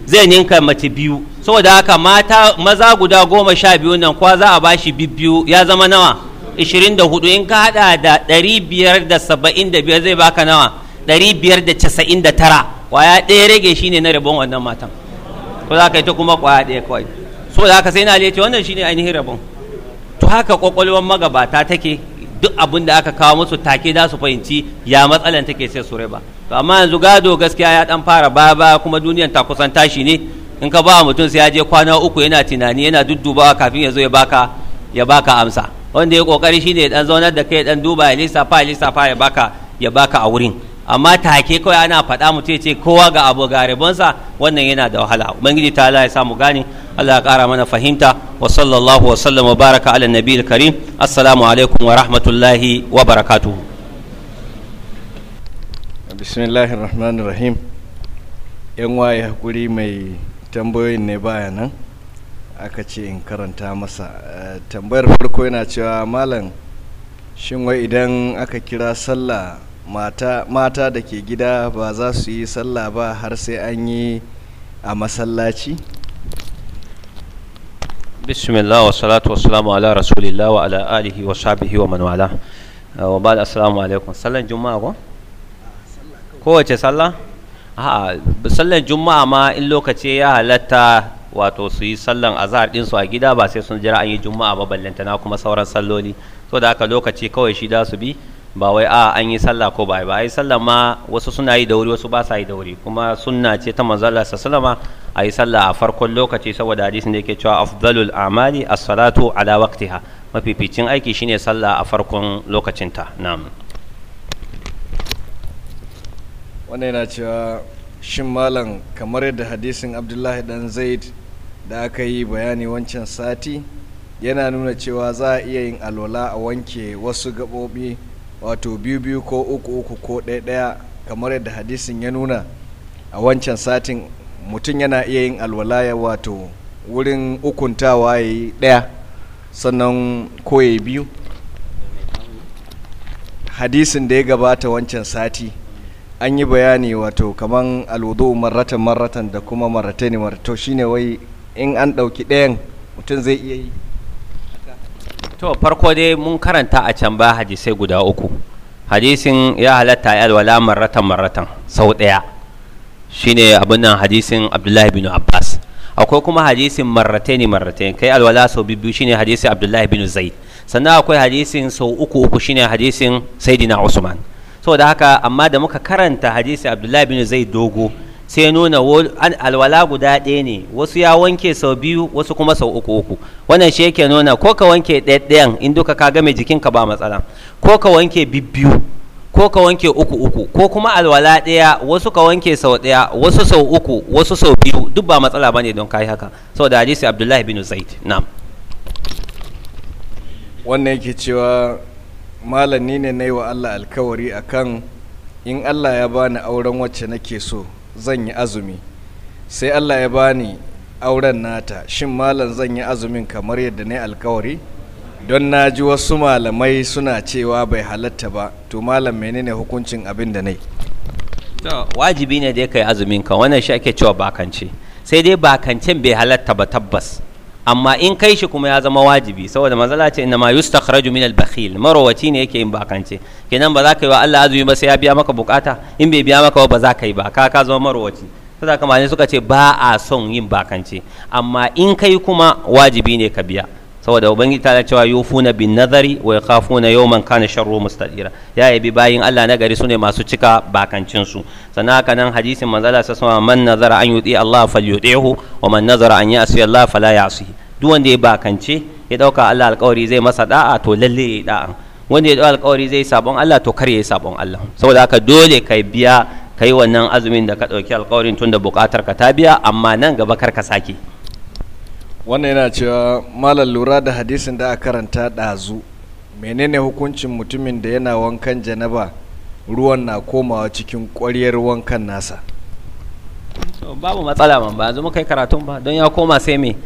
[SPEAKER 1] zai ninka mace biyu saboda haka mata maza guda goma sha biyu nan kwa za a bashi bibbiyu ya zama nawa 24 in ka hada da 575 zai baka nawa 599 kwaya ɗaya rage shine na rabon wannan matan ko za ka yi ta kuma kwaya ɗaya kawai so da haka sai na ce wannan shine ainihin rabon to haka kwakwalwar magabata take duk abin da aka kawo musu take za su fahimci ya matsalan take sai su raba to amma yanzu gado gaskiya ya dan fara ba ba kuma duniyar ta kusan tashi ne in ka ba mutum sai ya je kwana uku yana tunani yana duddubawa kafin ya zo ya baka ya baka amsa wanda ya kokari shine dan zaunar da kai dan duba ya lissafa ya lissafa ya baka ya baka a wurin amma take kawai ana faɗa mutum ya ce kowa ga abu ga rabonsa wannan yana da wahala ubangiji ta Allah ya sa mu gane Allah ya ƙara mana fahimta wa sallallahu wa sallam wa baraka ala nabiyil karim assalamu alaikum wa rahmatullahi wa
[SPEAKER 2] barakatuhu bismillahir rahmanir rahim yan waye hakuri mai tambayoyin ne baya nan aka ce in karanta masa eh, tambayar farko yana cewa malam shin wai idan aka kira sallah mata mata da ke gida ba za su yi sallah ba har sai an yi a masallaci
[SPEAKER 1] bismillah wa salatu wa salamu ala rasulillah wa ala alihi wa sahbihi wa man uh, wa ba assalamu alaikum sallan juma'a ko kowace sallah ha sallan juma'a ma in lokaci ya halatta wato su yi sallan azhar din su a gida ba sai sun jira an yi juma'a ba ballantana kuma sauran salloli so da haka lokaci kawai shi da su bi ba wai a an yi sallah ko ba ba yi sallah ma wasu suna yi da wuri wasu ba sa yi da wuri kuma sunna ce ta manzala sa sallama a yi sallah a farkon lokaci saboda hadisin da yake cewa afdalul amali as-salatu ala waqtiha mafificin aiki shine sallah a farkon lokacinta na'am
[SPEAKER 2] wannan yana cewa shin malam kamar yadda hadisin abdullahi dan zaid da aka yi bayani wancan sati yana nuna cewa za a iya yin alwala a wanke wasu gabobi. wato biyu biyu ko uku uku ko ɗaya ɗaya kamar yadda hadisin ya nuna a wancan satin mutum yana iya yin alwalaya wato wurin ukuntawa ya yi ɗaya sannan ko ya biyu hadisin da ya gabata wancan sati an yi bayani wato kamar alwudu maratan maratan da kuma maratani marato shine wai in an ɗauki ɗayan mutum zai iya yi
[SPEAKER 1] to farko dai mun karanta a can ba hadisai guda uku hadisin ya halatta ya alwala maratan maratan sau ɗaya shine abin nan hadisin abdullahi bin abbas akwai kuma hadisin marate ne marate kai alwala sau biyu shine hadisin abdullahi bin zaid sannan akwai hadisin sau uku uku shine hadisin saidina usman saboda haka amma da muka karanta hadisin abdullahi bin zaid dogo sai nuna alwala guda ɗaya ne wasu ya wanke sau biyu wasu kuma sau uku uku wannan shi yake nuna ko ka wanke ɗayan in duka ka game jikinka ba matsala ko ka wanke bibbiyu ko ka wanke uku uku ko kuma alwala ɗaya wasu ka wanke sau ɗaya wasu sau uku wasu sau biyu duk ba matsala bane don kai haka saboda hadisi abdullahi bin zaid na'am
[SPEAKER 2] wannan yake cewa malami ne na yi wa allah alkawari akan in allah ya bani auren wacce nake so zan yi azumi sai allah ya bani auren nata shin malam zan yi azumin kamar yadda na alkawari don na ji wasu malamai suna cewa bai halatta ba to malam menene hukuncin abin da nai
[SPEAKER 1] wajibi ne da ya kai azumin ka wannan shi ake cewa bakance sai dai bakancen bai halatta ba tabbas amma in kai shi kuma ya zama wajibi saboda manzala ce inna ma yustakhraju min al-bakhil marowaci ne yake yin bakance kenan ba za ka yi wa Allah azumi ba sai ya biya maka bukata in bai biya maka ba ba za ka yi ba ka ka zama marowaci saboda kamar suka ce ba a son yin bakance amma in kai kuma wajibi ne ka biya saboda ubangiji ta cewa yufuna bin nazari wa yakhafuna yawman kana sharru mustadira ya yabi bayin Allah na gari sune masu cika bakancin su sannan haka nan hadisin manzo Allah sallallahu man nazara an yuti Allah falyutihu wa man nazara an ya'si Allah fala ya'si duk wanda ya bakance ya dauka Allah alƙawari zai masa da'a to lalle ya da'a wanda ya dauka alƙawari zai sabon Allah to kar ya sabon Allah saboda haka dole kai biya kai wannan azumin da ka dauki alƙawarin tun da buƙatar ka ta biya amma nan gaba kar ka sake
[SPEAKER 2] wannan yana cewa malar lura da hadisin da aka karanta ɗazu menene hukuncin mutumin da yana wankan janaba ruwan na komawa cikin ƙwaryar wankan nasa
[SPEAKER 1] babu matsala man ba zuma kai karatun ba don ya koma sai me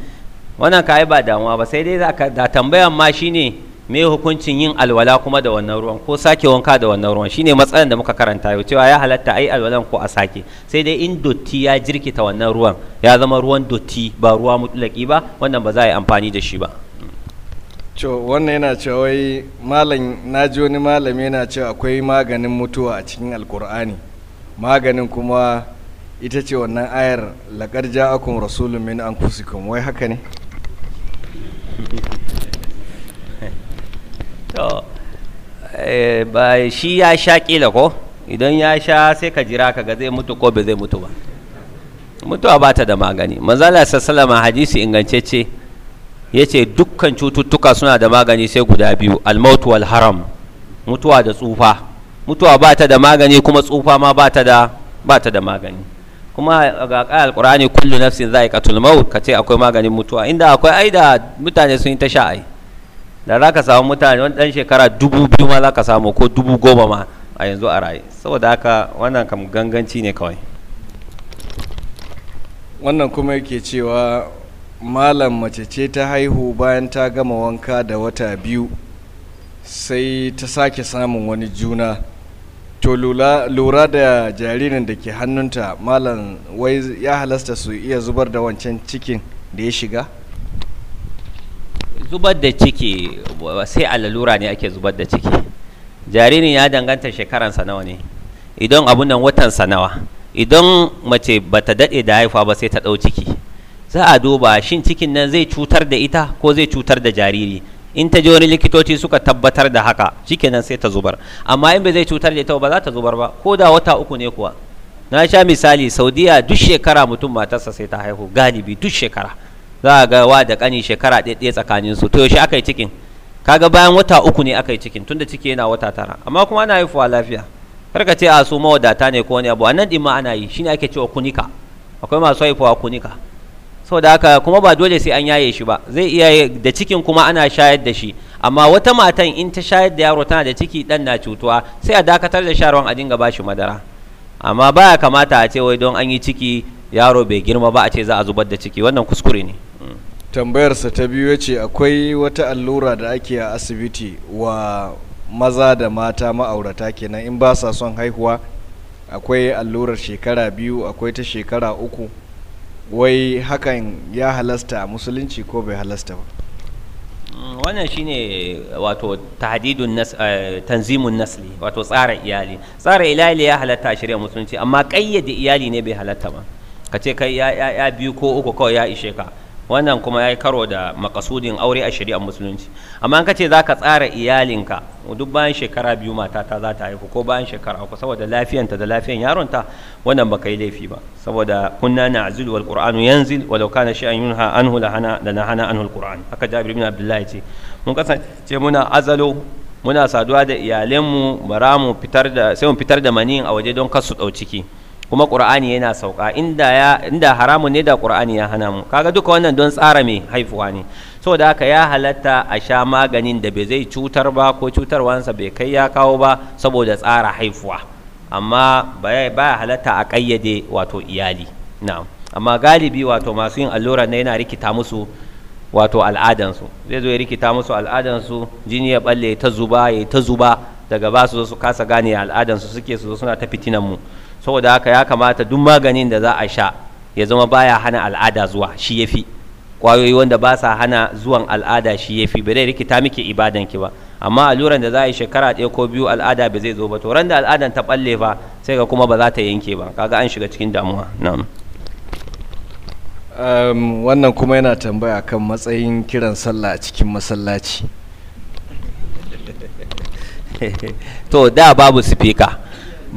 [SPEAKER 1] wannan ka ba damuwa ba sai dai da tambayan ma shine me hukuncin yin alwala kuma da wannan ruwan ko sake wanka da wannan ruwan shine matsalan da muka karanta yau cewa ya halatta ai alwalan ko a sake sai dai in dotti ya jirkita wannan ruwan ya zama ruwan dotti ba ruwa mutlaki ba wannan ba za a yi amfani da shi ba
[SPEAKER 2] to wannan yana cewa wai malam naji wani malami yana cewa akwai maganin mutuwa a cikin alkur'ani maganin kuma ita ce wannan ayar laqad ja'akum rasulun min anfusikum wai haka ne
[SPEAKER 1] to eh, ba shi ya sha kila ko idan ya sha sai ka jira ka ga zai mutu ko ba zai mutu ba mutuwa ba ta da magani manzala sassalama hadisi ingancece ya ce dukkan cututtuka suna da magani sai guda biyu almautu wal haram mutuwa da tsufa mutuwa ba ta da magani kuma tsufa ma ba ta da ba ta da magani kuma ga ƙayar alƙur'ani kullu nafsin za'iqatul maut ce akwai maganin mutuwa inda akwai aida mutane sun yi ta sha'ai da za ka samu mutane wani ɗan shekara dubu biyu ma za ka samu ko dubu goma ma
[SPEAKER 2] a yanzu a raye saboda haka wannan kam ganganci ne kawai wannan kuma yake cewa malam mace ce ta haihu bayan ta gama wanka da wata biyu sai ta sake samun wani juna to lura da jaririn da ke hannunta malam wai ya halasta su iya zubar da wancan cikin da ya shiga
[SPEAKER 1] zubar da ciki sai a lalura ne ake zubar da ciki jaririn ya danganta shekaransa nawa ne idan abun nan watansa nawa idan mace ba ta daɗe da haifa ba sai ta ɗau ciki za a duba shin cikin nan zai cutar da ita ko zai cutar da jariri in ta je wani likitoci suka tabbatar da haka cikin nan sai ta zubar amma in bai zai cutar da ita ba za ta zubar ba ko da wata uku ne kuwa na sha misali saudiya duk shekara mutum matarsa sai ta haihu galibi duk shekara za a ga wa da kani shekara ɗaya tsakanin su to yaushe aka yi cikin kaga bayan wata uku ne aka yi cikin tunda ciki yana wata tara amma kuma ana haifuwa lafiya kar ka ce a su mawadata ne ko wani abu a nan ɗima ana yi shine ake cewa kunika akwai masu haifuwa kunika saboda haka kuma ba dole sai an yaye shi ba zai iya da cikin kuma ana shayar da shi amma wata matan in ta shayar da yaro tana da ciki dan na cutuwa sai a dakatar da sharwan a dinga bashi madara amma baya kamata a ce wai don an yi ciki yaro bai girma ba a ce za a zubar da ciki wannan kuskure ne
[SPEAKER 2] tambayarsa ta biyu ya ce akwai wata allura da ake a asibiti wa maza da mata ma'aurata kenan in ba sa son haihuwa akwai allurar shekara biyu akwai ta shekara uku wai hakan ya halasta musulunci ko bai halasta ba
[SPEAKER 1] wannan shine wato tahdidun eh, tanzimun nasli wato tsara iyali tsara iyali ya halatta a shirya musulunci amma kayyade iyali ne bai halatta ba ka ce kai ya biyu ko uku kawai ya ishe ka wannan kuma ya yi karo da makasudin aure a shari'ar musulunci amma an kace za ka tsara iyalinka duk bayan shekara biyu mata ta za ta haihu ko bayan shekara uku saboda lafiyanta da lafiyan yaronta wannan baka yi laifi ba saboda kunna na azul wal qur'anu yanzil walau kana shay'an yunha anhu la hana da na hana anhu al qur'an haka jabir bin abdullahi ce mun kasance muna azalo muna saduwa da iyalanmu bara mu fitar da sai mu fitar da maniyin a waje don kar su dau ciki kuma ƙur'ani yana sauka inda haramun ne da ƙur'ani ya hana mu kaga duka wannan don tsara mai haifuwa ne saboda haka ya halatta a sha maganin da bai zai cutar ba ko cutar wansa bai kai ya kawo ba saboda tsara haifuwa amma baya halatta a ƙayyade wato iyali na'am amma galibi wato masu yin allura na yana rikita musu wato al'adansu zai zo ya rikita musu al'adansu jini ya balle ta zuba ya ta zuba daga ba su zo su kasa gane al'adansu suke su zo suna ta fitinan mu saboda haka ya kamata duk maganin da za a sha ya zama baya hana al'ada zuwa shi ya fi kwayoyi wanda ba sa hana zuwan al'ada shi yafi fi bai rikita miki ibadan ki ba amma alluran da za a yi shekara ɗaya ko biyu al'ada ba zai zo ba to ran da al'adan ta balle ba sai ga kuma ba za ta yanke ba kaga an shiga cikin damuwa
[SPEAKER 2] na'am um, wannan kuma yana tambaya kan matsayin kiran sallah a cikin masallaci (laughs)
[SPEAKER 1] to da babu speaker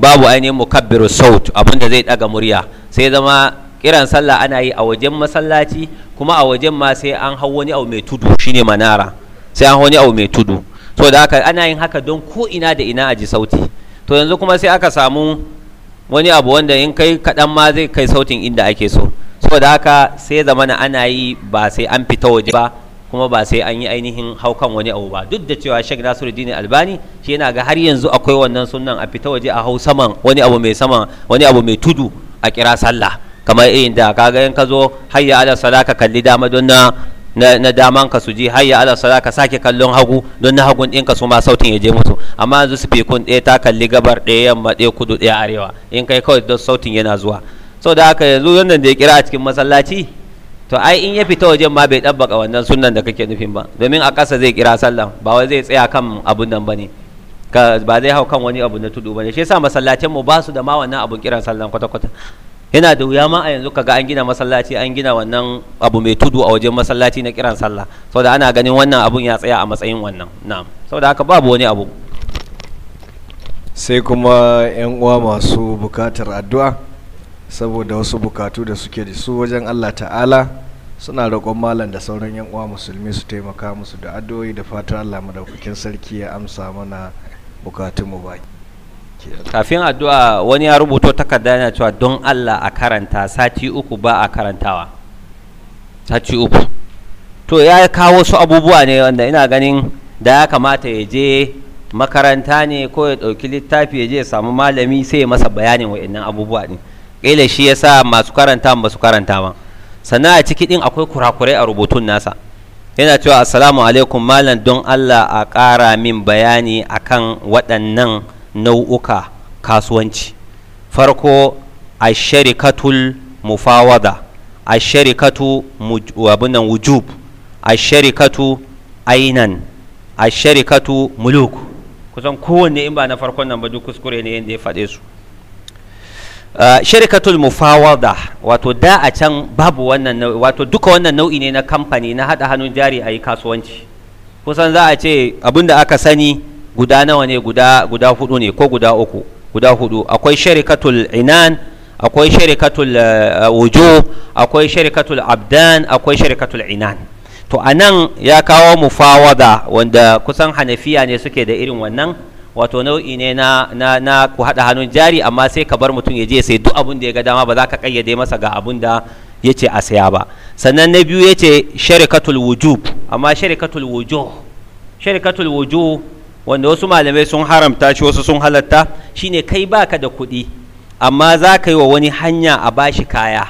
[SPEAKER 1] babu ainihin mukabbiru saut da zai daga murya sai zama kiran sallah ana yi a wajen masallaci kuma a wajen ma sai an hau wani abu mai tudu shine manara sai an hau wani abu mai tudu so da haka ana yin haka don ko ina da ina a ji sauti to yanzu kuma sai aka samu wani abu wanda in kai kaɗan ma zai kai sautin inda ake so so da haka sai zamana ana yi ba sai an fita waje ba kuma ba sai an yi ainihin haukan wani abu ba duk da cewa Sheikh Nasiruddin Albani shi yana ga har yanzu akwai wannan sunan a fita waje a hau saman wani abu mai saman wani abu mai tudu a kira sallah kamar irin da kaga in ka zo hayya ala sala ka kalli dama don na na daman ka su ji hayya ala sala ka sake kallon hagu don na hagun ɗinka su ma sautin ya je musu amma yanzu su fekun ɗaya ta kalli gabar ɗaya yamma ɗaya kudu ɗaya arewa in kai kawai don sautin yana zuwa sau da haka yanzu wannan da ya kira a cikin masallaci to ai in ya fita wajen ma bai ɗabbaka wannan sunan da kake nufin ba domin a ƙasa zai kira sallah ba wai zai tsaya kan abun nan ba ne ba zai hau kan wani abu na tudu ba ne shi yasa masallacin mu ba su da ma wannan abun kiran sallah kwata-kwata yana da wuya ma a yanzu ka ga an gina masallaci an gina wannan abu mai tudu a wajen masallaci na kiran sallah saboda ana ganin wannan abun ya tsaya a matsayin wannan na'am saboda haka babu wani abu
[SPEAKER 2] sai kuma yan uwa masu bukatar addu'a saboda wasu bukatu da suke da su wajen Allah ta'ala suna roƙon malam da sauran yan uwa musulmi su taimaka musu da addu'o'i da fatan Allah madaukakin sarki ya amsa mana bukatun mu baki
[SPEAKER 1] kafin addu'a wani ya rubuto takarda yana cewa don Allah a karanta sati uku ba a karantawa sati uku to ya kawo su abubuwa ne wanda ina ganin da ya kamata ya je makaranta ne ko ya ɗauki littafi ya je ya samu malami sai ya masa bayanin wa'annan abubuwa ne ƙila shi ya sa masu karanta ba su karanta ba sannan a ciki ɗin akwai kurakurai a rubutun nasa yana cewa assalamu alaikum malam don allah a ƙara min bayani akan waɗannan nau'uka kasuwanci farko a sharikatul mufawada a sharikatu wujub a sharikatu ainan a sharikatu muluk kusan kowanne in ba na farkon nan ba duk kuskure ne yadda ya faɗe su Uh, shirkatul mufawada wato da a can babu wannan wato duka wannan nau'i ne na kamfani na haɗa hannun jari a yi kasuwanci kusan za a ce abin da aka sani guda nawa ne guda guda hudu ne ko guda uku guda hudu akwai shirkatul inan akwai shirkatul uh, wujo akwai shirkatul abdan akwai shirkatul inan to anan ya kawo mufawada wanda kusan hanafiya ne suke da irin wannan wato nau'i ne na na na ku haɗa hannun jari amma sai ka bar mutum ya je sai duk abin da ya ga dama ba za ka ƙayyade masa ga abin da ya ce a saya ba sannan na biyu ya ce sharikatul wujub amma sharikatul wujuh sharikatul wujuh wanda wasu malamai sun haramta shi wasu sun halatta shine kai baka da kuɗi amma za ka yi wa wani hanya a bashi kaya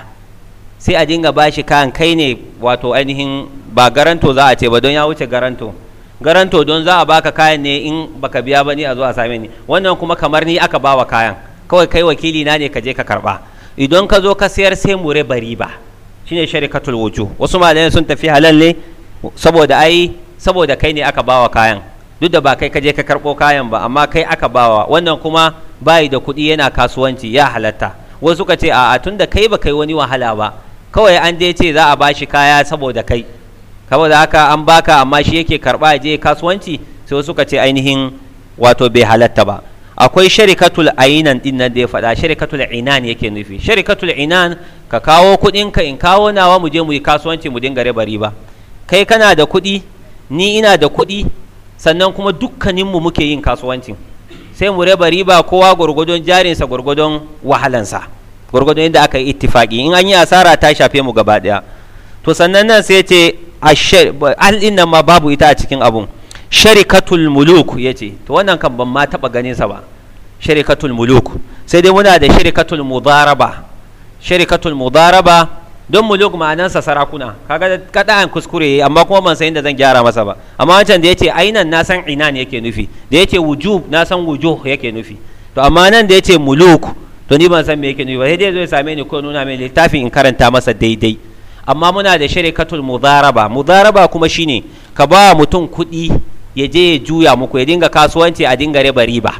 [SPEAKER 1] sai a dinga bashi kayan kai ne wato ainihin ba garanto za a ce ba don ya wuce garanto garanto don za a baka kayan ne in baka biya ba ni a zo a same ni wannan kuma kamar ni aka bawa kayan kawai kai wakili na ne ka je ka karba idan ka zo ka sayar sai mu bari ba shine sharikatul wujuh wasu malamai sun tafi halal ne saboda ai saboda kai ne aka bawa kayan duk da ba kai ka je ka karbo kayan ba amma kai aka bawa wannan kuma bayi da kuɗi yana kasuwanci ya halatta wasu ka ce a'a tun da kai ba kai wani wahala ba kawai an je ce za a bashi kaya saboda kai da haka an baka amma shi yake karba je kasuwanci sai suka ce ainihin wato bai halatta ba akwai sharikatul ainan din nan da ya faɗa sharikatul inan yake nufi sharikatul inan ka kawo kuɗin ka in kawo nawa mu je mu yi kasuwanci mu dinga riba riba kai kana da kuɗi ni ina da kuɗi sannan kuma dukkaninmu muke yin kasuwanci sai mu raba riba kowa gwargwadon jarinsa gwargwadon wahalansa gwargwadon inda aka yi ittifaki in an yi asara ta shafe mu gaba ɗaya to sannan nan sai ce al inna ma babu ita a cikin abun sharikatul muluk ya ce to wannan kan ban ma taba ganin sa ba sharikatul muluk sai dai muna da sharikatul mudaraba sharikatul mudaraba don muluk ma'anansa sarakuna kaga kadan kuskure amma kuma ban san da zan gyara masa ba amma wancan da yace ainan na san inan yake nufi da yace wujub na san wujuh yake nufi to amma nan da yace muluk to ni ban san me yake nufi ba sai dai zo ya same ni ko nuna mai littafin in karanta masa daidai amma muna da sharikatul mudaraba mudaraba kuma shine ka ba mutum kuɗi ya je ya juya muku ya dinga kasuwanci a dinga riba riba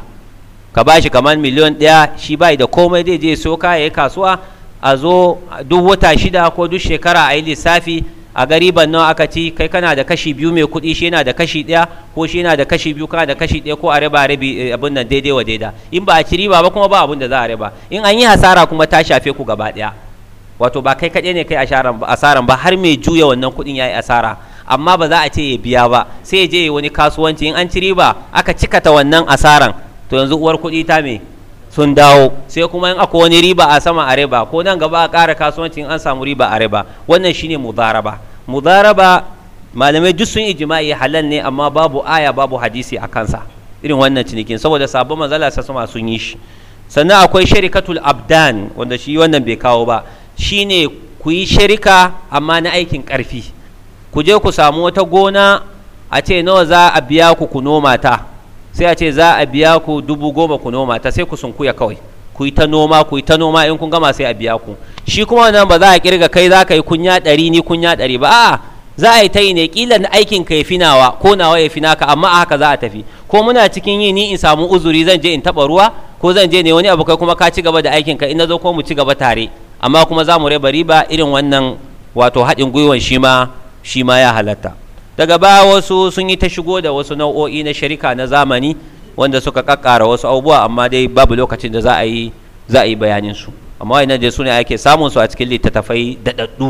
[SPEAKER 1] ka ba shi kamar miliyon ɗaya shi bai da komai zai je so yi kasuwa a zo duk wata shida ko duk shekara a yi lissafi a gari nan aka ci kai kana da kashi biyu mai kuɗi shi yana da kashi ɗaya ko shi yana da kashi biyu kana da kashi ɗaya ko a riba rabi eh, abin nan daidai wa daida in ba a ci riba ba kuma ba abin da za a riba in an yi hasara kuma ta shafe ku gaba ɗaya wato ba kai kaɗai ne kai asaran ba har mai juya wannan kuɗin ya yi asara amma ba za a ce ya biya ba sai ya je wani kasuwanci in an ci riba aka cikata wannan asaran to yanzu uwar kuɗi ta me sun dawo sai kuma in akwai wani riba a sama a riba ko nan gaba a ƙara kasuwanci in an samu riba a riba wannan shine mudaraba mudaraba malamai duk sun ijma'i halal ne amma babu aya babu hadisi a kansa irin wannan cinikin saboda sabon manzala sa sun yi shi sannan akwai sharikatul abdan wanda shi wannan bai kawo ba Shi ku yi shirika amma na aikin ƙarfi ku je ku samu wata gona a ce nawa za a biya ku ku noma ta sai a ce za a biya ku dubu goma ku noma ta sai ku sunkuya kawai ku yi ta noma ku yi ta noma in kun gama sai a biya ku shi kuma wannan ba za a kirga kai za ka yi kunya ɗari ni kunya ɗari ba a'a za a yi ta yi ne ƙila na aikin ka ya fi nawa ko nawa ya fi naka amma a haka za a tafi ko muna cikin yi ni in samu uzuri zan je in taɓa ruwa ko zan je ne wani abu kai kuma ka ci gaba da aikin ka in na zo ko mu ci gaba tare amma kuma za mu raba riba irin wannan wato haɗin gwiwa shi ma shi ma ya halatta daga baya wasu sun yi ta shigo da wasu nau'o'i na sharika na zamani wanda suka kakkara wasu abubuwa amma dai babu lokacin da za a yi za a yi bayanin su amma wannan dai sune ake samun su a cikin littattafai daɗaɗɗu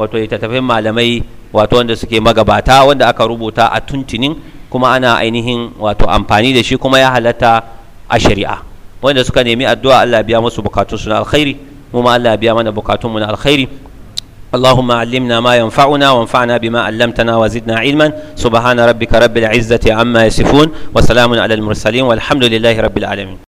[SPEAKER 1] wato littattafai malamai wato wanda suke magabata wanda aka rubuta a tuntunin kuma ana ainihin wato amfani da shi kuma ya halatta a shari'a wanda suka nemi addu'a Allah biya musu bukatun su na alkhairi وما الله بيامنا بكاتهم من الخير اللهم علمنا ما ينفعنا وانفعنا بما علمتنا وزدنا علما سبحان ربك رب العزة عما يصفون وسلام على المرسلين والحمد لله رب العالمين